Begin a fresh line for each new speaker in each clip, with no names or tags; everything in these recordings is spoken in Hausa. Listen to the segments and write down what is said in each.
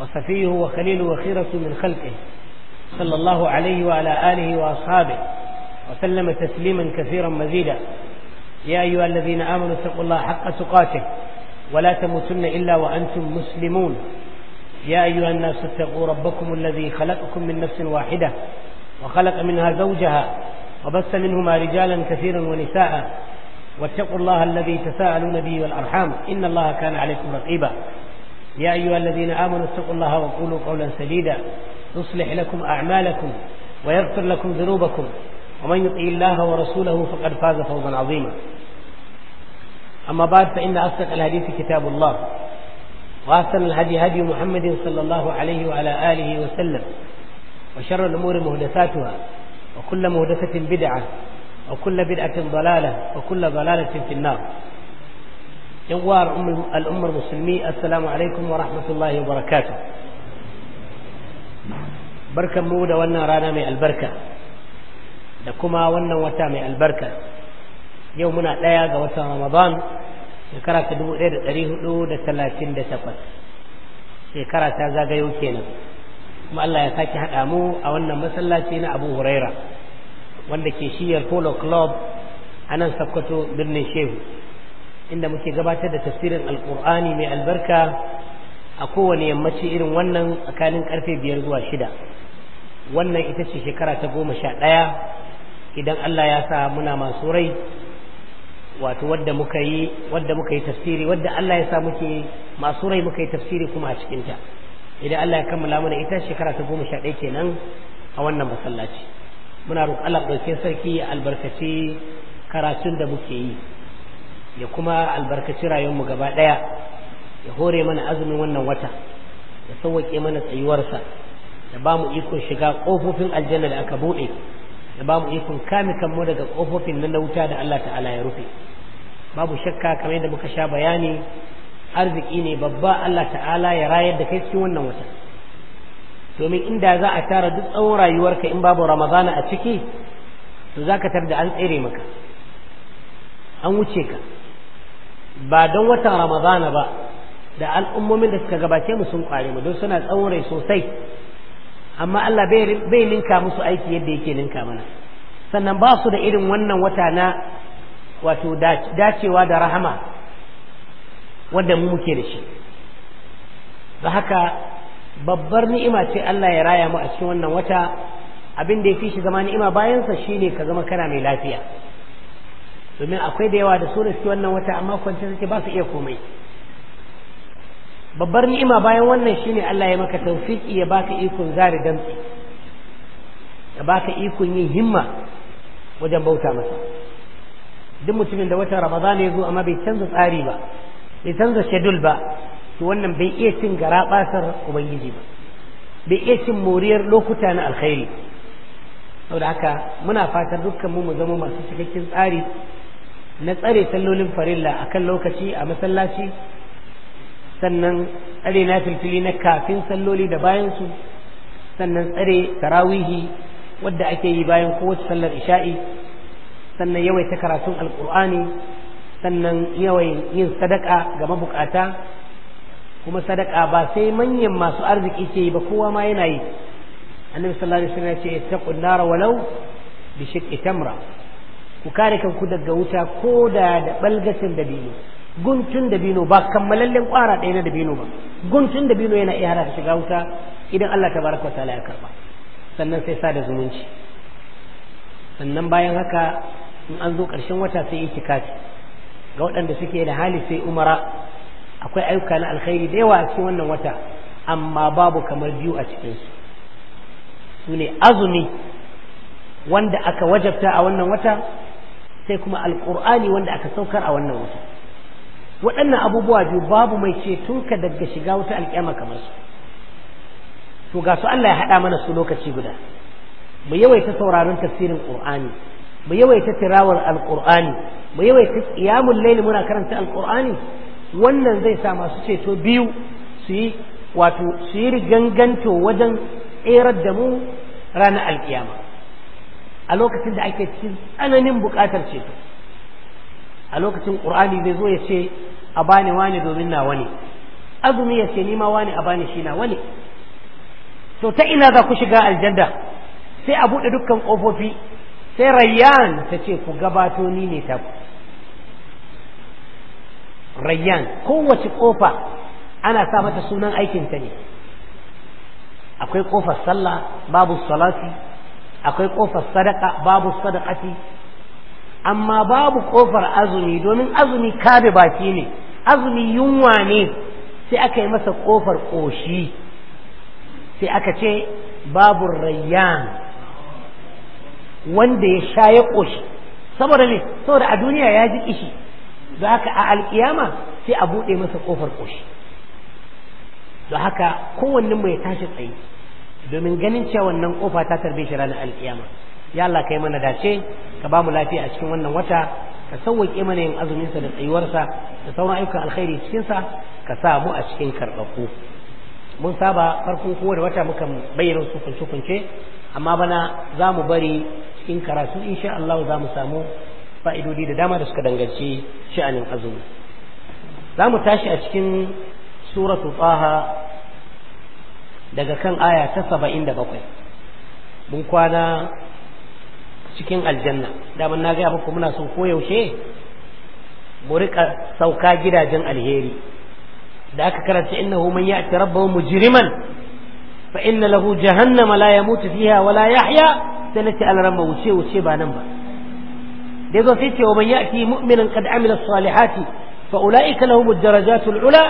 وصفيه وخليله وخيرة من خلقه صلى الله عليه وعلى آله وأصحابه وسلم تسليما كثيرا مزيدا يا أيها الذين آمنوا اتقوا الله حق تقاته ولا تموتن إلا وأنتم مسلمون يا أيها الناس اتقوا ربكم الذي خلقكم من نفس واحدة وخلق منها زوجها وبث منهما رجالا كثيرا ونساء واتقوا الله الذي تساءلون به والأرحام إن الله كان عليكم رقيبا يا أيها الذين آمنوا اتقوا الله وقولوا قولا سديدا يصلح لكم أعمالكم ويغفر لكم ذنوبكم ومن يطيع الله ورسوله فقد فاز فوزا عظيما أما بعد فإن أصدق الحديث كتاب الله وأحسن الهدي هدي محمد صلى الله عليه وعلى آله وسلم وشر الأمور مهدثاتها وكل مهدثة بدعة وكل بدعة ضلالة وكل ضلالة في النار yan uwa al'ummar musulmi assalamu alaikum wa rahmatullahi wa barakatuh barkan mu da wannan rana mai albarka da kuma wannan wata mai albarka yau muna ɗaya ga watan ramadan shekara ta dubu ɗaya da ɗari hudu da talatin da takwas shekara ta zagayo kenan kuma Allah ya sake haɗa mu a wannan masallaci na Abu Huraira wanda ke shiyar Polo Club a nan Sokoto birnin Shehu inda muke gabatar da tafsirin alkur'ani mai albarka a kowane yammaci irin wannan tsakanin karfe biyar zuwa shida wannan ita ce shekara ta goma sha ɗaya idan allah ya sa muna masu rai wato wadda muka yi wadda muka yi tafsiri wadda allah ya sa muke masu rai muka yi tafsiri kuma a cikinta idan allah ya kammala mana ita shekara ta goma sha ɗaya kenan a wannan masallaci muna roƙon allah ɗauke sarki albarkaci karatun da muke yi ya kuma albarkaci rayuwarmu gaba ɗaya ya hore mana azumin wannan wata ya sauwaƙe mana tsayuwarsa ya ba mu ikon shiga ƙofofin aljanna da aka buɗe ya ba mu ikon kame kanmu daga ƙofofin nan na wuta da Allah ta'ala ya rufe babu shakka kamar yadda muka sha bayani arziki ne babba Allah ta'ala ya rayar da kai cikin wannan wata domin inda za a tara duk tsawon rayuwarka in babu ramadana a ciki to za ka tar da an tsere maka an wuce ka ba don watan ramadana ba da al'ummomin da suka gabace mu sun kware mu don suna tsaurai sosai amma Allah bai ninka musu aiki yadda yake ninka mana sannan ba su da irin wannan wata na wato dacewa da rahama wanda mu muke da shi da haka babbar ni'ima ce Allah ya raya mu a cikin wannan wata abin da ya fi shi zama ni'ima bayansa shine ka zama kana mai lafiya domin akwai da yawa da su da suke wannan wata amma kwanci suke ba su iya komai babbar ni'ima bayan wannan shine Allah ya maka tawfiki ya baka ikon zari damtsi ya baka ikon yin himma wajen bauta masa duk mutumin da watan ramadana ya zo amma bai canza tsari ba bai canza shedul ba to wannan bai iya cin gara basar ubangiji ba bai iya cin moriyar lokuta na alkhairi saboda haka muna fatan dukkan mu mu zama masu cikakken tsari na tsare sallolin farilla a kan lokaci a masallaci sannan tsare na filfili na kafin salloli da bayansu sannan tsare tarawihi wadda ake yi bayan kowace sallar isha'i sannan yawaita karatun alkur'ani sannan yawai yin sadaka ga mabukata kuma sadaka ba sai manyan masu arziki ke yi ba kowa ma yana yi annabi sallallahu alaihi wasallam ya ce ittaqun walau bi shiqqi tamra ku kare kanku daga wuta ko da da balgacin dabino guntun dabino ba kammalallen kwara ɗaya na dabino ba guntun dabino yana iya hada shiga wuta idan Allah Ta baraka ta ya karba sannan sai sa da zumunci sannan bayan haka in an zo ƙarshen wata sai itikafi ga waɗanda suke da hali sai umara akwai ayyuka na alkhairi da yawa a cikin wannan wata amma babu kamar biyu a cikinsu su ne azumi wanda aka wajabta a wannan wata sai kuma alkur'ani wanda aka saukar a wannan wuta waɗannan abubuwa biyu babu mai ceto ka daga shiga wuta alƙiyama kamar su to ga su Allah ya haɗa mana su lokaci guda mu yawaita sauraron tafsirin qur'ani mu yawaita tirawar alkur'ani mu yawaita qiyamul layl muna karanta alkur'ani wannan zai sa masu ceto biyu su yi wato su yi riganganto wajen tserar da mu ranar alkiyama a lokacin da ake cikin tsananin buƙatar ceto a lokacin ƙur'ani zai zo ya ce a bani wani domin na wani azumi ya ce nima wani a bani shi na wani to ta ina za ku shiga aljanda sai a buɗe dukkan ƙofofi sai rayyan ta ce ku gabato ni ne ta rayyan kowace ƙofa ana sa mata sunan aikinta ne akwai ƙofar sallah babu salati akwai ƙofar sadaka babu sadakati amma babu ƙofar azumi domin azumi kabe baki ne azumi yunwa ne sai aka yi masa ƙofar ƙoshi sai aka ce babu rayyan wanda ya sha ya ƙoshi saboda ne saboda a duniya ya ji kishi don haka a alkiyama sai a buɗe masa ƙofar ƙoshi don haka kowanne mai tashi tsaye domin ganin cewa wannan kofa ta tarbe shi ranar alkiyama ya Allah kai mana dace ka ba mu lafiya a cikin wannan wata ka sauwaƙe mana yin azuminsa da tsayuwarsa da sauran ayyukan alkhairi cikinsa, ka sa mu a cikin karɓaku mun saba farkon kowane wata muka bayyana su kunce kunce amma bana za mu bari cikin karatu insha Allah za mu samu fa'idodi da dama da suka danganci sha'anin azumi za mu tashi a cikin suratu taha daga kan aya ta saba'in da bakwai mun kwana cikin aljanna daman na gaya muku muna son koyaushe mu rika sauka gidajen alheri da aka karanta innahu man ya'ti rabbahu mujriman fa inna lahu jahannama la yamutu fiha wa la yahya sanati al-ramma wuce wuce ba nan ba dai zo sai ce wa man ya'ti mu'minan qad amila salihati fa ulaika lahum ad-darajatu al-ula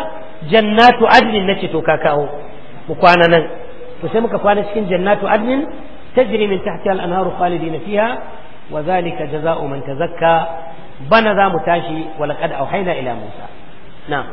jannatu na nace to ka kawo mu kwana nan to sai muka kwana cikin jannatu adnin tajri min tahtiha al-anharu khalidin fiha wa zalika jazaa'u man tazakka bana za mu tashi wa laqad auhayna ila musa na'am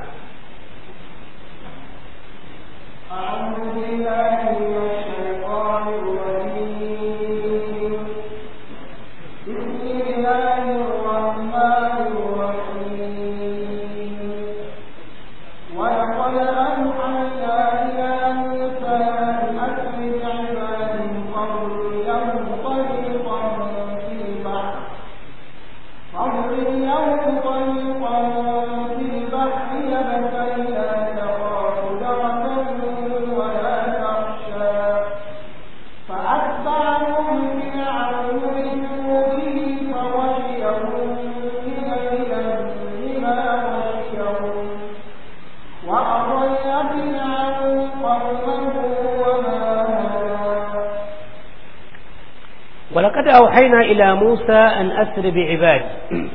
auhaina ila Musa an asri bi ibadi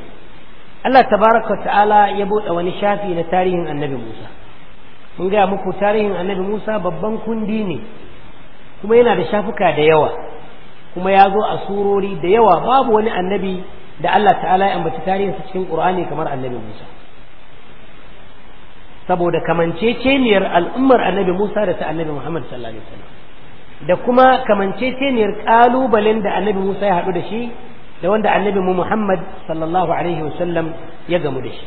Allah tabaraka ta'ala ya buɗe wani shafi na tarihin annabi Musa mun gaya muku tarihin annabi Musa babban kundi ne kuma yana da shafuka da yawa kuma ya zo a surori da yawa babu wani annabi da Allah ta'ala ya ambaci tarihinsa cikin Qur'ani kamar annabi Musa saboda kamanceceniyar al'ummar annabi Musa da ta annabi Muhammad sallallahu alaihi wasallam da kuma kamanceceniyar ƙalubalen da annabi Musa ya haɗu da shi da wanda annabi mu Muhammad sallallahu alaihi wasallam ya gamu da shi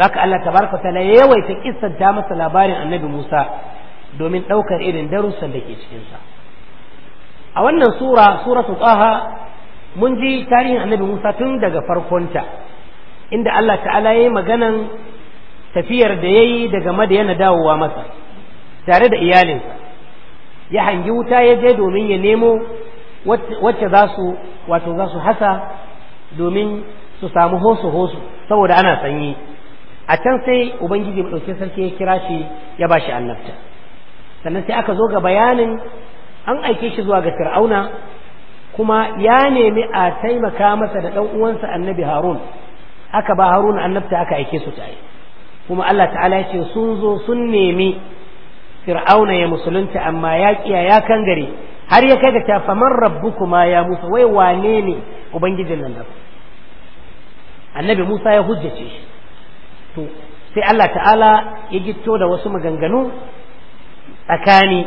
zaka Allah tabaraka ta ya yawaita kissan ta masa labarin annabi Musa domin ɗaukar irin darussan da ke cikin sa a wannan sura suratul Taha mun ji tarihin annabi Musa tun daga farkonta inda Allah ta'ala ya yi maganan tafiyar da yayi daga Madiyana dawowa masa tare da iyalinsa ya hangi wuta ya je domin ya nemo wacce za su wato za su hasa domin su samu hosu hosu saboda ana sanyi a can sai ubangiji ɗauke sarki ya kira shi ya ba shi annabta sannan sai aka zo ga bayanin an aike shi zuwa ga fir'auna kuma ya nemi a taimaka masa da ɗan uwansa annabi harun aka ba harun annabta aka aike su tare kuma allah ta'ala ya ce sun zo sun nemi fir'auna ya musulunta amma ya kiya ya kan kangare har ya kai ga ta faman rabbukuma ya musa wai wane ne ubangijin nan da annabi musa ya hujjace shi to sai Allah ta'ala ya gitto da wasu maganganu tsakani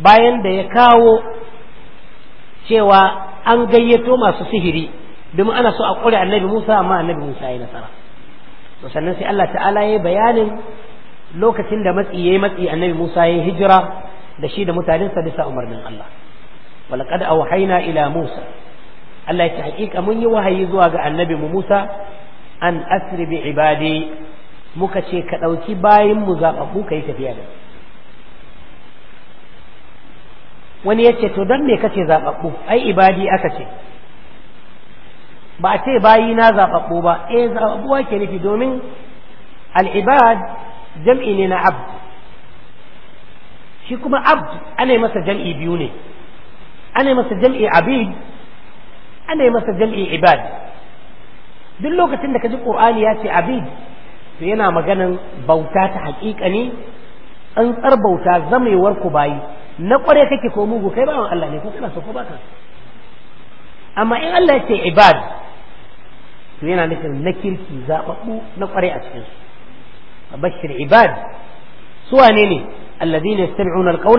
bayan da ya kawo cewa an gayyato masu sihiri domin ana so a ƙure annabi musa amma annabi musa ya nasara sannan sai Allah ta'ala ya yi bayanin lokacin da matsi yayi matsi annabi Musa yayi hijira da shi da mutanensa bisa umarnin Allah walaqad awhayna ila Musa Allah ya ce hakika mun yi wahayi zuwa ga annabi mu Musa an asri bi ibadi muka ce ka dauki bayin mu ka kai tafiya da wani yace to dan me kace zaɓaɓɓu ai ibadi aka ce ba a ce bayi na zaɓaɓɓu ba eh zababbu ake nufi domin al'ibad. jam'i ne na abd shi kuma abd ana yi masa jam'i biyu ne ana yi masa jam'i abid ana yi masa jam'i ibad duk lokacin da ka ji ƙorani ya ce abid to yana maganan bauta ta haƙiƙa ne an tsar bauta zamewar ku bayi na kware kake ko mugu kai bawan Allah ne ko kana so ko baka amma in Allah ya ce ibad to yana nufin na kirki zaɓaɓɓu na kware a cikinsu بشر عباد سواء نيني الذين يستمعون القول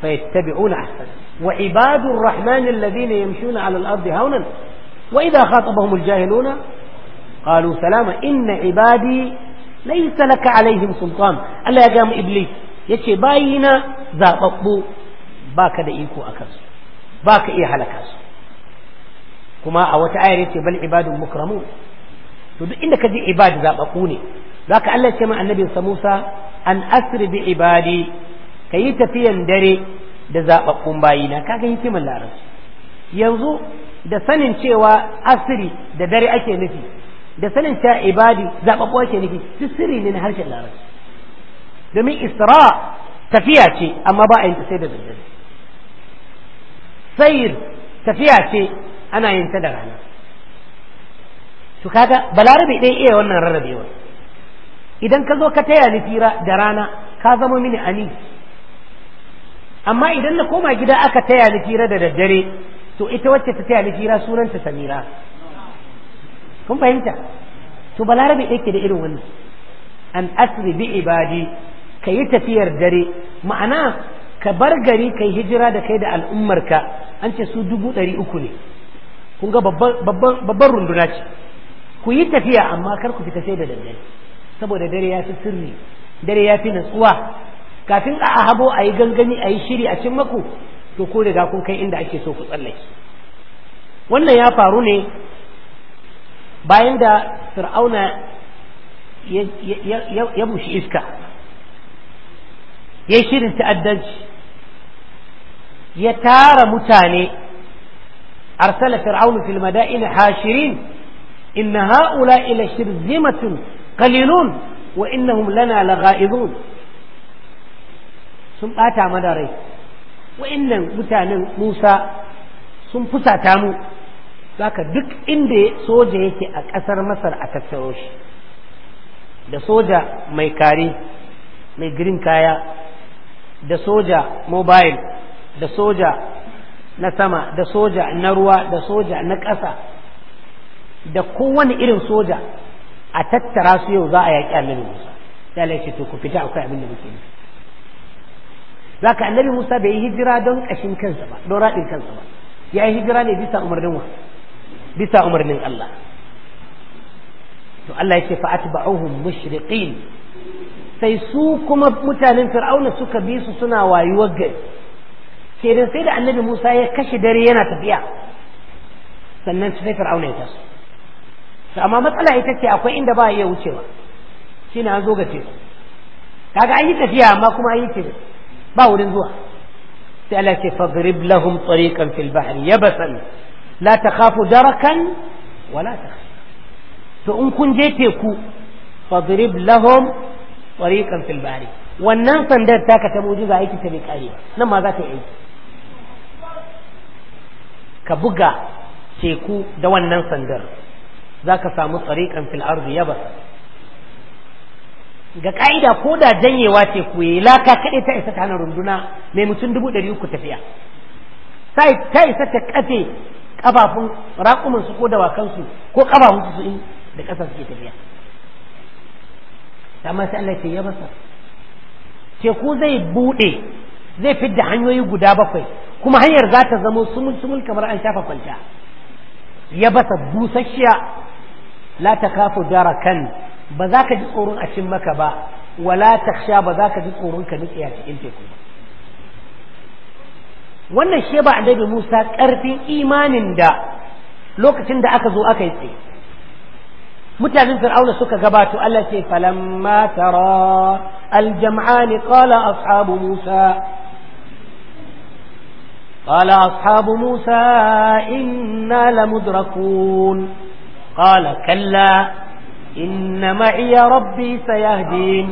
فيتبعون أحسن وعباد الرحمن الذين يمشون على الأرض هونا وإذا خاطبهم الجاهلون قالوا سلاما إن عبادي ليس لك عليهم سلطان ألا يقام إبليس يتشي باينا قطبو باك دئيكو أكرس باك إيها هلكاس كما أوتعير يتشي بل عباد مكرمون إنك دي عباد قطبوني zaka Allah ce ma annabin sa Musa an asri bi ibadi kayi tafiyan dare da zababbun bayina kaga hikimar larabci yanzu da sanin cewa asiri da dare ake nufi da sanin cewa ibadi zababbu ake nufi duk sirri ne na harshen larabci domin isra tafiya ce amma ba a yin ta sai da daddare sayir tafiya ce ana yin ta da rana to kaga balarabe dai iya wannan rarrabewa idan ka zo ka taya ni fira da rana ka zama mini ani amma idan na koma gida aka taya ni fira da daddare to ita wacce ta taya ni fira sunanta samira kun fahimta to balarabe yake da irin wannan an asri bi ibadi ka yi tafiyar dare ma'ana ka bar gari kai hijira da kai da al'ummarka an ce su dubu ɗari uku ne kun ga babban runduna ce ku yi tafiya amma kar ku fita sai da daddare saboda dare ya fi sirri dare ya fi natsuwa kafin a habo a yi gangami a yi shiri a cin maku to ko riga kun kai inda ake so ku tsallake wannan ya faru ne bayan da fir'auna ya bushi iska ya shirin ta'addanci ya tara mutane arsala fir'aunu fil mada'in hashirin inna ha'ula ila qalilun wa innahum lana laghaizun sun bata mana rai innan mutanen Musa sun fusata mu zaka duk inda soja yake a kasar Masar a tattaro shi da soja mai kare mai girin kaya da soja mobile da soja na sama da soja na ruwa da soja na ƙasa da kowane irin soja a tattara su yau za a yaƙi annabi Musa sai Allah ya ce to ku fita akwai abin da muke yi. Za ka annabi Musa bai yi hijira don ƙashin kansa ba don raɗin kansa ba ya yi hijira ne bisa umarnin wa bisa umarnin Allah to Allah ya ce fa atba'uhum mushriqin sai su kuma mutanen fir'auna suka bi su suna wayuwar gari kenan sai da annabi musa ya kashe dare yana tafiya sannan sai fir'auna ya taso amma matsala ita ce akwai inda ba iya wucewa shine an zo ga teku kaga an yi tafiya amma kuma an yi teku ba wurin zuwa sai Allah ce fadrib lahum tariqan fil bahri yabasan la takhafu darakan wala takhaf to in kun je teku fadrib lahum tariqan fil bahri wannan sandar taka ta mujiza aiki ta bai kare nan ma za ta yi ka buga teku da wannan sandar Za ka samu tsarikan fil ya yaba ga ƙa'ida ko da janyewa ce ku yi laka kaɗe ta isa ta hana runduna mai mutum dubu ɗari uku tafiya ta isa ta kafe ƙafafun raƙumansu ko dawakansu ko ƙafafunsu su in da ƙasa suke tafiya ma sai Allah ce ya basa teku zai buɗe zai fidda hanyoyi guda bakwai kuma hanyar za ta zama sumul kamar an shafa kwanta ya basa busasshiya la takafu darakan ba za ka ji tsoron a cin maka ba wala taksha ba za ka ji tsoron ka nutse a cikin teku ba wannan shi ba annabi Musa karfin imanin da lokacin da aka zo aka yi tsaye mutanen fir'auna suka gabato Allah ce falamma tara aljam'an qala ashabu Musa قال أصحاب موسى إنا لمدركون قال كلا إن معي ربي سيهدين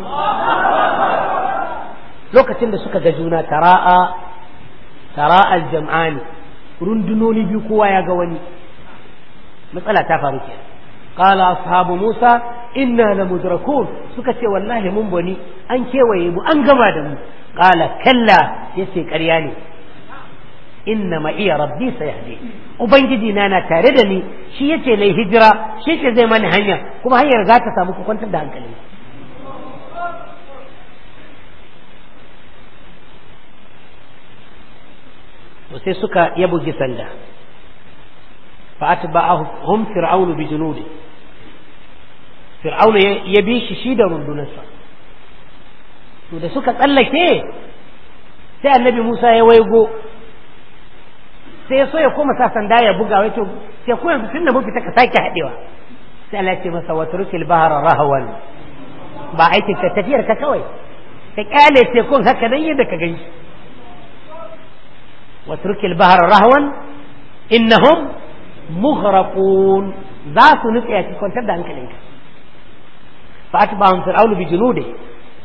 lokacin da suka ga juna tara'a tara'al jam'ani rundunoni biyu kowa ya ga wani matsala ta faru ke qala ashabu musa inna la mudrakun suka ce wallahi mun bani an kewaye mu an gama da mu qala kalla yace karya ne inna ma iya rabbi sayahdi ubangiji na na tare da ni shi yace lai hijira shi ke zai mani hanya kuma hanyar za ta samu ku kwantar da hankali to sai suka ya bugi sanda fa atba'ahum fir'aunu bi junudi fir'aunu ya bi shi shi da rundunarsa to da suka tsallake sai annabi Musa ya waigo sai ya so ya koma sa sanda ya buga wai to sai ko yanzu tunda mun fita ka sake hadewa sai Allah ya ce masa wa turkil bahra rahawan ba aikin ka tafiyar ka kawai ka kyale tekun haka nan yadda ka gani wa turkil bahra rahawan innahum mughraqun za su nutse a kwantar da hankalinka fa atba'ahum fir'aunu bi junude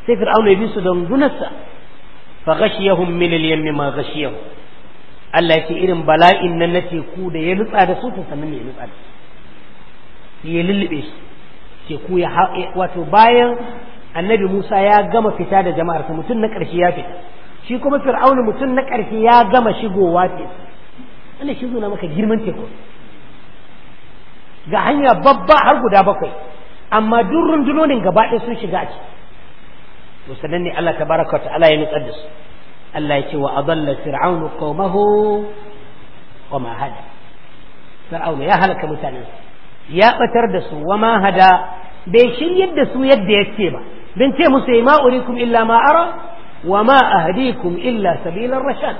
sai fir'aunu ya bi su don gunarsa fa ghashiyahum min al-yammi ma ghashiyahum Allah ce irin bala'in nan na teku da ya nutsa da su sannan ne ya nutsa da su ya lullube shi teku ya wato bayan annabi Musa ya gama fita da jama'ar sa mutum na ƙarshe ya fita shi kuma fir'aunu mutum na ƙarshe ya gama shigowa teku wanda shi zo maka girman teku ga hanya babba har guda bakwai amma duk rundunonin gaba ɗaya sun shiga a ciki to sannan ne Allah tabaraka ta'ala ya nutsar da su Allah ya ce wa adalla fir'aunu qaumahu wa ma hada fir'aunu ya halaka mutanen ya batar da su wa ma hada bai shiryar da su yadda yake ba dan ce musu ma urikum illa ma ara wa ma ahdikum illa sabilar rashad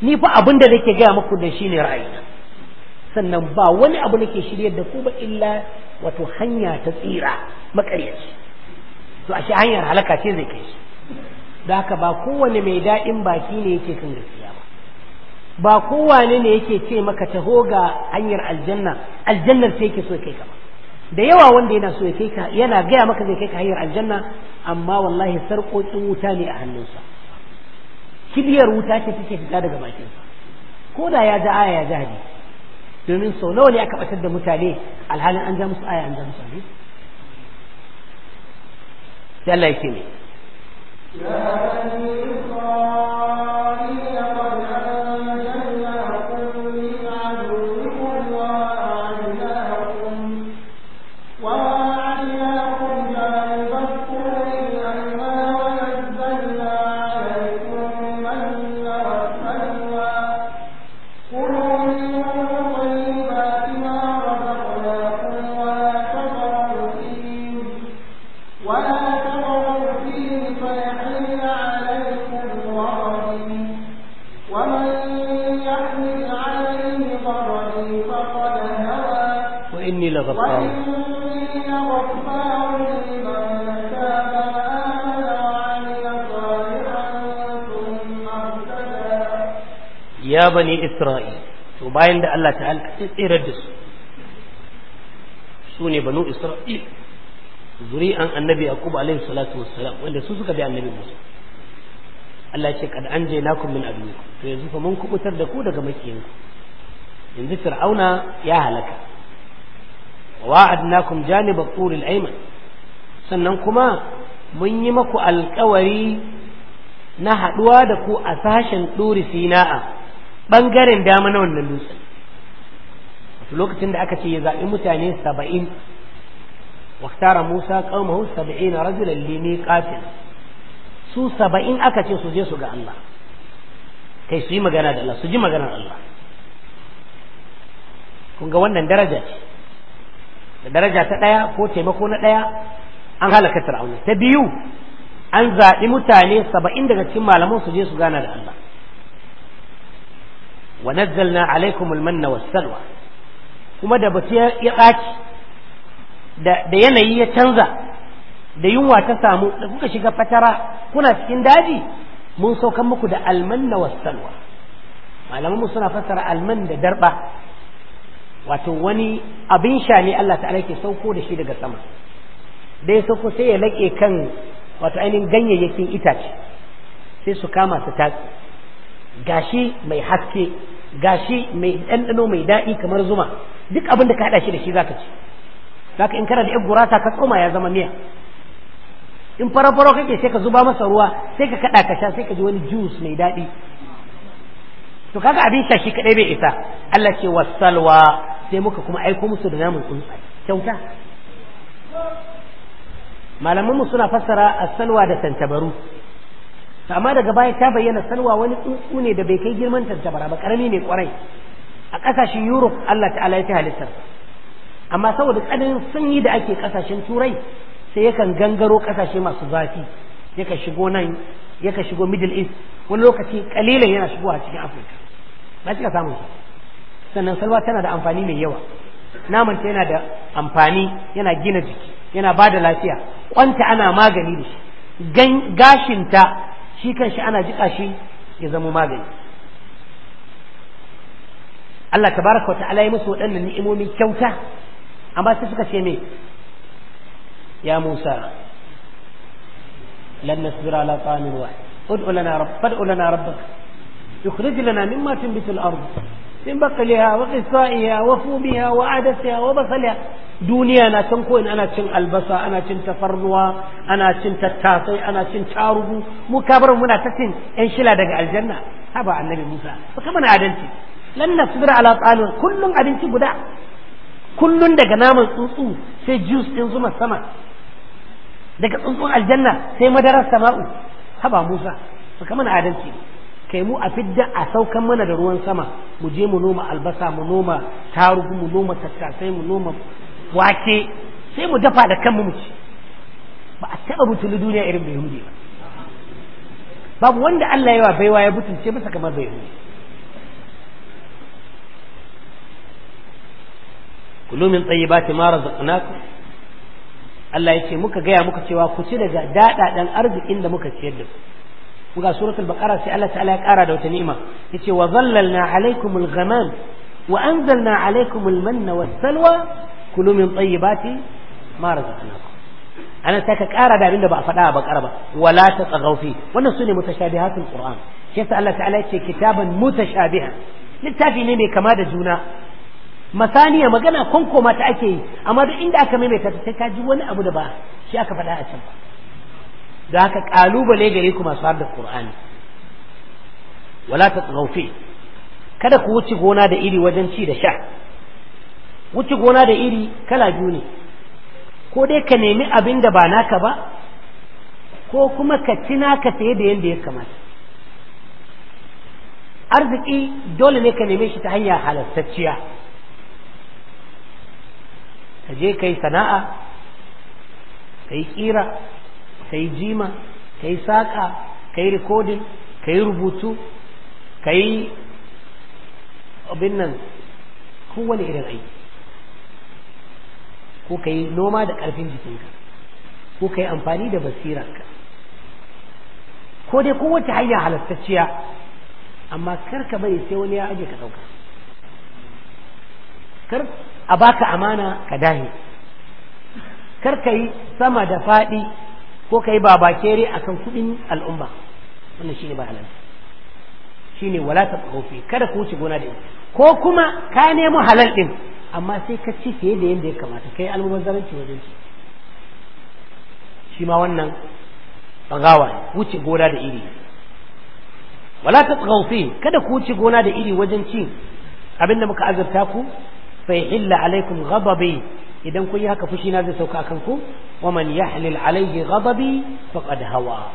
ni fa abin da nake gaya muku da shine ra'ayina sannan ba wani abu nake shiryar da ku ba illa wato hanya ta tsira makaryaci to ashe hanyar halaka ce zai kai shi da haka ba kowane mai daɗin baki ne yake kan gaskiya ba ba kowane ne yake ce maka taho ga hanyar aljanna aljannar sai yake so kai ka da yawa wanda yana so ya kai ka yana gaya maka zai kai ka hanyar aljanna amma wallahi sarƙoƙin wuta ne a hannunsa kibiyar wuta ce take fita daga bakinsa ko da ya ji aya ya ji hadi domin sau nawa ne aka batar da mutane alhalin an ja musu aya an ja musu hadi sai Allah ya ne
يا أبي قال لقد أنزل
bani isra'il to bayan da Allah ta ya da su su ne banu isra'il zuri'an annabi yaqub alaihi salatu wassalam wanda su suka bi annabi musa Allah ce kad anjaynakum min aduwikum to yanzu fa mun kubutar da ku daga ku yanzu fir'auna ya halaka wa'adnakum janib at-tur al-ayman sannan kuma mun yi maku alkawari na haɗuwa da ku a sashen ɗuri sina'a ɓangaren dama na wannan dutsen lokacin da aka ce ya zaɓi mutane saba'in waktara musa ƙaumahu saba'in rajulan lini ƙafin su saba'in aka ce su je su ga Allah kai su yi magana da Allah su ji maganar Allah kun ga wannan daraja ce da daraja ta ɗaya ko taimako na ɗaya an halaka fir'auna ta biyu an zaɓi mutane saba'in daga cikin malaman su je su gana da Allah wa nazzalna alaikumul manna wassalwa kuma da basu ya ɓaci da yanayi ya canza da yunwa ta samu da kuka shiga fatara kuna cikin daji mun saukan muku da almanna wassalwa mu suna fassara alman da darba wato wani abin sha ne Allah ta'ala ke sauko da shi daga sama da ya sauko sai ya laƙe kan wato ainihin ganyayyakin itace sai su kama su tatsi gashi mai haske gashi mai ɗanɗano mai daɗi kamar zuma duk abin da ka haɗa shi da shi zaka ci zaka in kana da yar gurasa ka tsoma ya zama miya in farafaro kake sai ka zuba masa ruwa sai ka kaɗa ka sha sai ka ji wani jus mai daɗi to kaga abin sha shi kaɗai bai isa Allah ce wasalwa sai muka kuma aiko musu da namun tsuntsaye kyauta malamanmu suna fassara asalwa da tantabaru to amma daga baya ta bayyana salwa wani tsuntsu ne da bai kai girman tantabara ba karami ne kwarai a kasashen Europe Allah ta'ala ya ta halittar amma saboda tsananin sanyi da ake kasashen turai sai yakan gangaro kasashe masu zafi yakan shigo nan yakan shigo middle east wani lokaci kalilan yana shigo a cikin afirka na cika samun su sannan salwa tana da amfani mai yawa namanta yana da amfani yana gina jiki yana ba da lafiya kwanta ana magani da shi gashinta shi kanshi ana jiƙa shi ya zama magani Allah tabaraka wa ta'ala ya musu waɗannan ni'imomi kyauta amma sai suka ce me ya Musa lan nasbira ala ta'amin wahid ud'u lana fad'u lana rabbak yukhrij lana mimma tunbitu al-ard min baqliha wa qithaiha wa fumiha wa adasiha wa basaliha duniya na can ko'in ana cin albasa ana cin tafarnuwa ana cin tattasai ana cin tarugu mu kabar muna ta cin yan shila daga aljanna haba annabi musa ba kama na adalci lan nasbira ala ta'alim kullun abinci guda kullun daga naman tsuntsu sai juice din zuma sama daga tsuntsun aljanna sai madarar sama'u haba musa ba kama na adalci kai mu a fidda a saukan mana da ruwan sama mu je mu noma albasa mu noma tarugu mu noma tattasai mu noma wake sai mu dafa da kanmu mu ci ba a taɓa butulu duniya irin bai hude ba babu wanda Allah yawa baiwa ya butulce masa kamar bai hude kulu min tayyibati ma razaqnakum Allah ya ce muka gaya muka cewa ku ci daga daɗaɗen arzikin da muka ciyar da ku muga suratul baqara sai Allah ta'ala ya ƙara da wata ni'ima yace wa zallalna alaikumul ghamam wa anzalna alaikumul manna was salwa kulu min tayyibati ma razaqnakum ana sai ka ƙara da abinda ba a faɗa a bakara ba wala ta tsagau fi wannan sune mutashabihatul qur'an shi yasa Allah ta'ala yace kitaban mutashabihan littafi ne mai kama da juna masaniya magana konkoma ta ake yi amma duk inda aka maimaita ta sai ka ji wani abu da ba shi aka faɗa a can ba da haka kalubale gare ku masu harda qur'ani wala ta fi kada ku wuce gona da iri wajen ci da sha wuce gona da iri kala biyu ne ko dai ka nemi abin da ba naka ba ko kuma ka ci naka fiye da yadda ya kamata arziki dole ne ka neme shi ta hanya halastacciya ka je ka yi sana'a ka yi ƙira ka yi jima ka yi saƙa ka yi rikodin ka yi rubutu ka yi abin nan kowane irin aiki ko ka yi noma da ƙarfin jikinka ko ka yi amfani da basirarka ko dai kowace hanya halastacciya amma kar ka bari sai wani ya aje ka ɗauka kar a baka amana ka dahe kar ka yi sama da faɗi ko ka yi babakere a kan kuɗin al'umma wannan shine ba halal shine wala ta kada ku wuce gona da ko kuma ka nemo halal ɗin amma sai ka ci fiye da yadda ya kamata kai almubazzaranci wajen ci shi ma wannan bagawa ne wuce gona da iri wala ta tsawfi kada ku wuce gona da iri wajen abin abinda muka azurta ku fa yahilla alaikum ghadabi idan kun yi haka fushi na zai sauka kan ku wa man yahlil alaihi ghadabi faqad hawa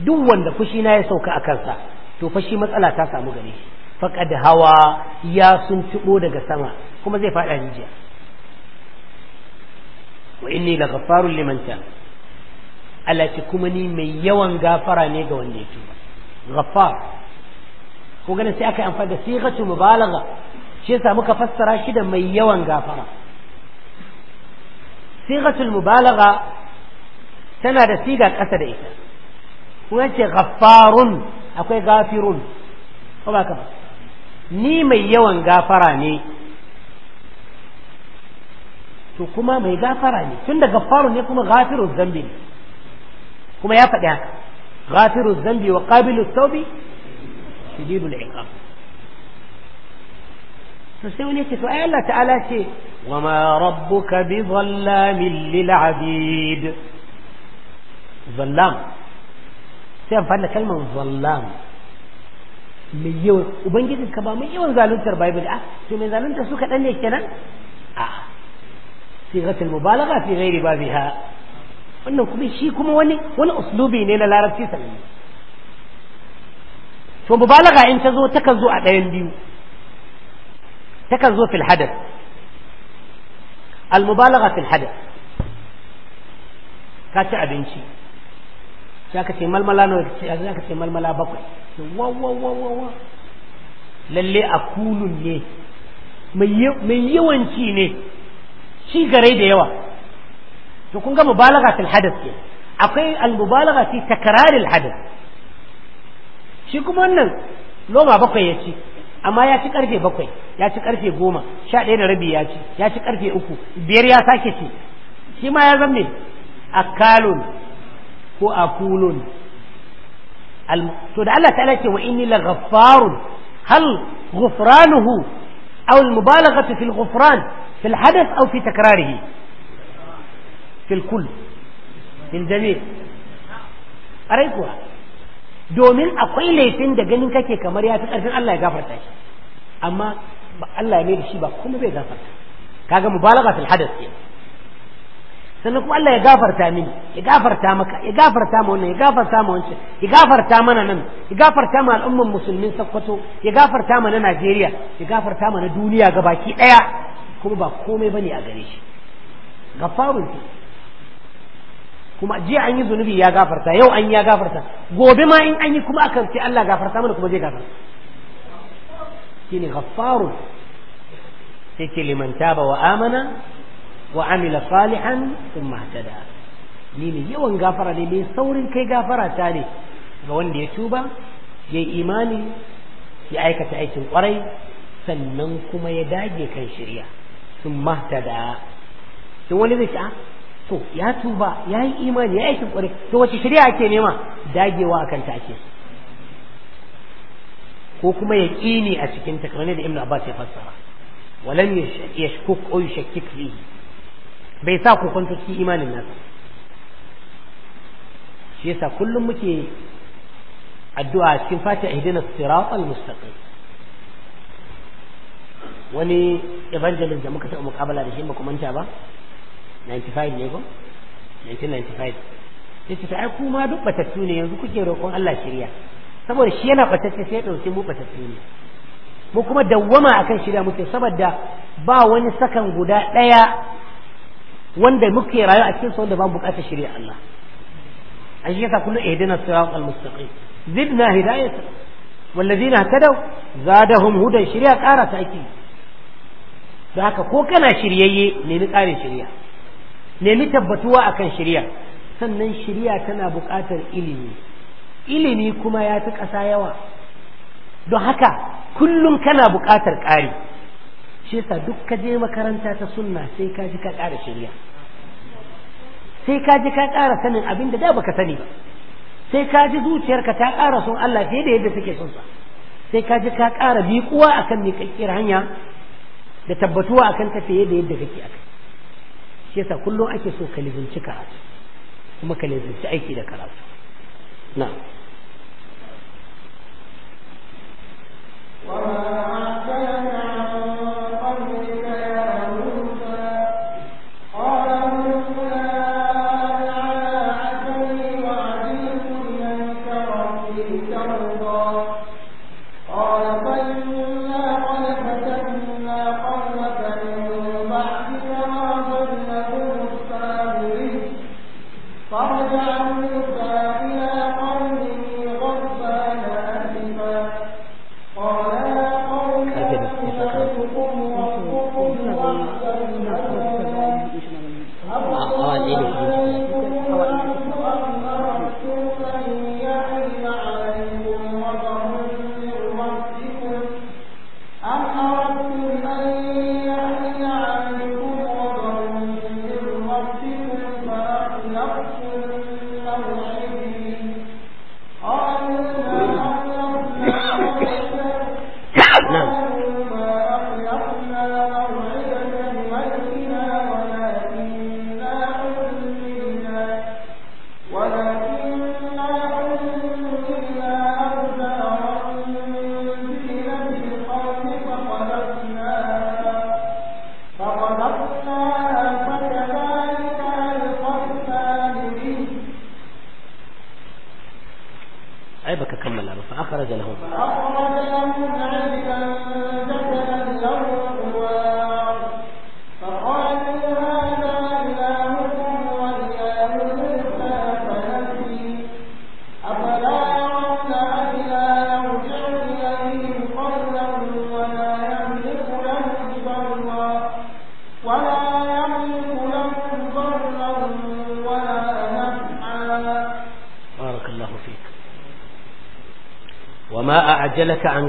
duk wanda fushi na ya sauka akan sa to fa shi matsala ta samu gare shi faƙad hawa ya sun tibo daga sama kuma zai faɗa rijiya wa inni laghaffarun liman taba ala ce kuma ni mai yawan gafara ne ga wanda ya tuba ghaffar ko ganin sai aka yi amfani da sighatu mubalagha shi yasa muka fassara shi da mai yawan gafara sighatul mubalagha tana da siga ƙasa da ita ko yace ghaffarun akwai gafirun ko ba ka ni mai yawan gafara ne to kuma mai gafara ne tun da gafaru ne kuma gafiru zambi ne kuma ya faɗi haka gafiru zambi wa qabilu tawbi shididul iqab to sai wani ce to ai Allah ta'ala ce wa ma rabbuka bi zallamin lil abid zallam sai an da kalmar zallam mai yawan ubangiji ka ba mai yawan zaluntar bai a ah, to mai zaluntar su kaɗan ne kenan a sigatul mubalagha fi ghairi babiha wannan kuma shi kuma wani wani uslubi ne na larabci sananne to mubalagha in ta zo takan zo a ɗayan biyu takan zo fil hadath al mubalagha fil hadath ka ci abinci sai aka ce malmala nawa sai aka ce malmala bakwai wa wa lalle a kulun ne mai yawanci ne shi gare da yawa to kun ga mubalaga fil hadath ke akwai al mubalaga fi takrar al hadath shi kuma wannan loma bakwai ya ci amma ya ci karfe bakwai ya ci karfe goma sha ɗaya da rabi ya ci ya ci karfe uku biyar ya sake ci shi ma ya zamme akalun ko akulun to da Allah ta'ala ce wa inni la ghaffarun hal ghufranuhu aw al mubalaghatu al ghufran fi al hadath aw fi takrarihi fi al kull fil jami' arai kuwa domin akwai laifin da ganin kake kamar ya fi karfin Allah ya gafarta shi amma Allah ya mai da shi ba kuma bai gafarta kaga mubalagha fil hadath kenan sannan kuma Allah ya gafarta mini ya gafarta maka ya gafarta ma wannan ya gafarta ma wancan ya gafarta mana nan ya gafarta ma al'umman musulmin sakwato ya gafarta ma na Najeriya ya gafarta ma na duniya gabaki daya kuma ba komai bane a gare shi gafarun kuma jiya an yi zunubi ya gafarta yau an ya gafarta gobe ma in an yi kuma akan ce Allah gafarta mana kuma zai gafarta shine ghafarun sai ce liman taba wa amana wa amila salihan sun mahtada. ni ne yawan gafara ne mai saurin kai gafara ta ne ga wanda ya tuba ya yi imani ya aikata aikin kwarai sannan kuma ya dage kan shirya sun mahtada. sun wani zai sha ah, to ya tuba ya yi imani ya aikin kwarai to wace shirya ake nema dagewa akan ta ake ko kuma ya ƙi ne a cikin takarani da ibn abbas ya fassara walam yashkuk o yashkik fihi bai sa ku kwanta cikin imanin nasa shi yasa kullum muke addu'a cikin fatiha ihdina siratal mustaqim wani evangelist da muka taɓa mukabala da shi ba ku manta ba 95 ne ko 1995 sai ta ai kuma duk batattu ne yanzu kuke roƙon Allah shirya saboda shi yana batacce sai ya ɗauki mu batattu ne mu kuma dawwama akan shirya muke saboda ba wani sakan guda ɗaya wanda muke rayu a cikin su wanda ba bukatar shari'a Allah an shi yasa kullu ihdina sirat al-mustaqim zidna hidayata ladina اهتدوا zadahum huda shari'a qara ta aiki da haka ko kana shiryayye nemi shari'a shirya nemi tabbatuwa akan shirya sannan shirya tana bukatar ilimi ilimi kuma ya fi kasa yawa don haka kullum kana bukatar ƙari shi yasa duk ka je makaranta ta sunna sai ka ji ka ƙara shari'a sai ka ji ka ƙara sanin abin da da baka sani ba sai ka ji zuciyarka ta ƙara son Allah fiye da yadda take son sa sai ka ji ka ƙara biƙuwa akan miƙaƙƙiyar hanya da tabbatuwa akan ta fiye da yadda kake akai shi yasa kullum ake so ka lizinci karatu kuma ka lizinci aiki da karatu
na وما عادنا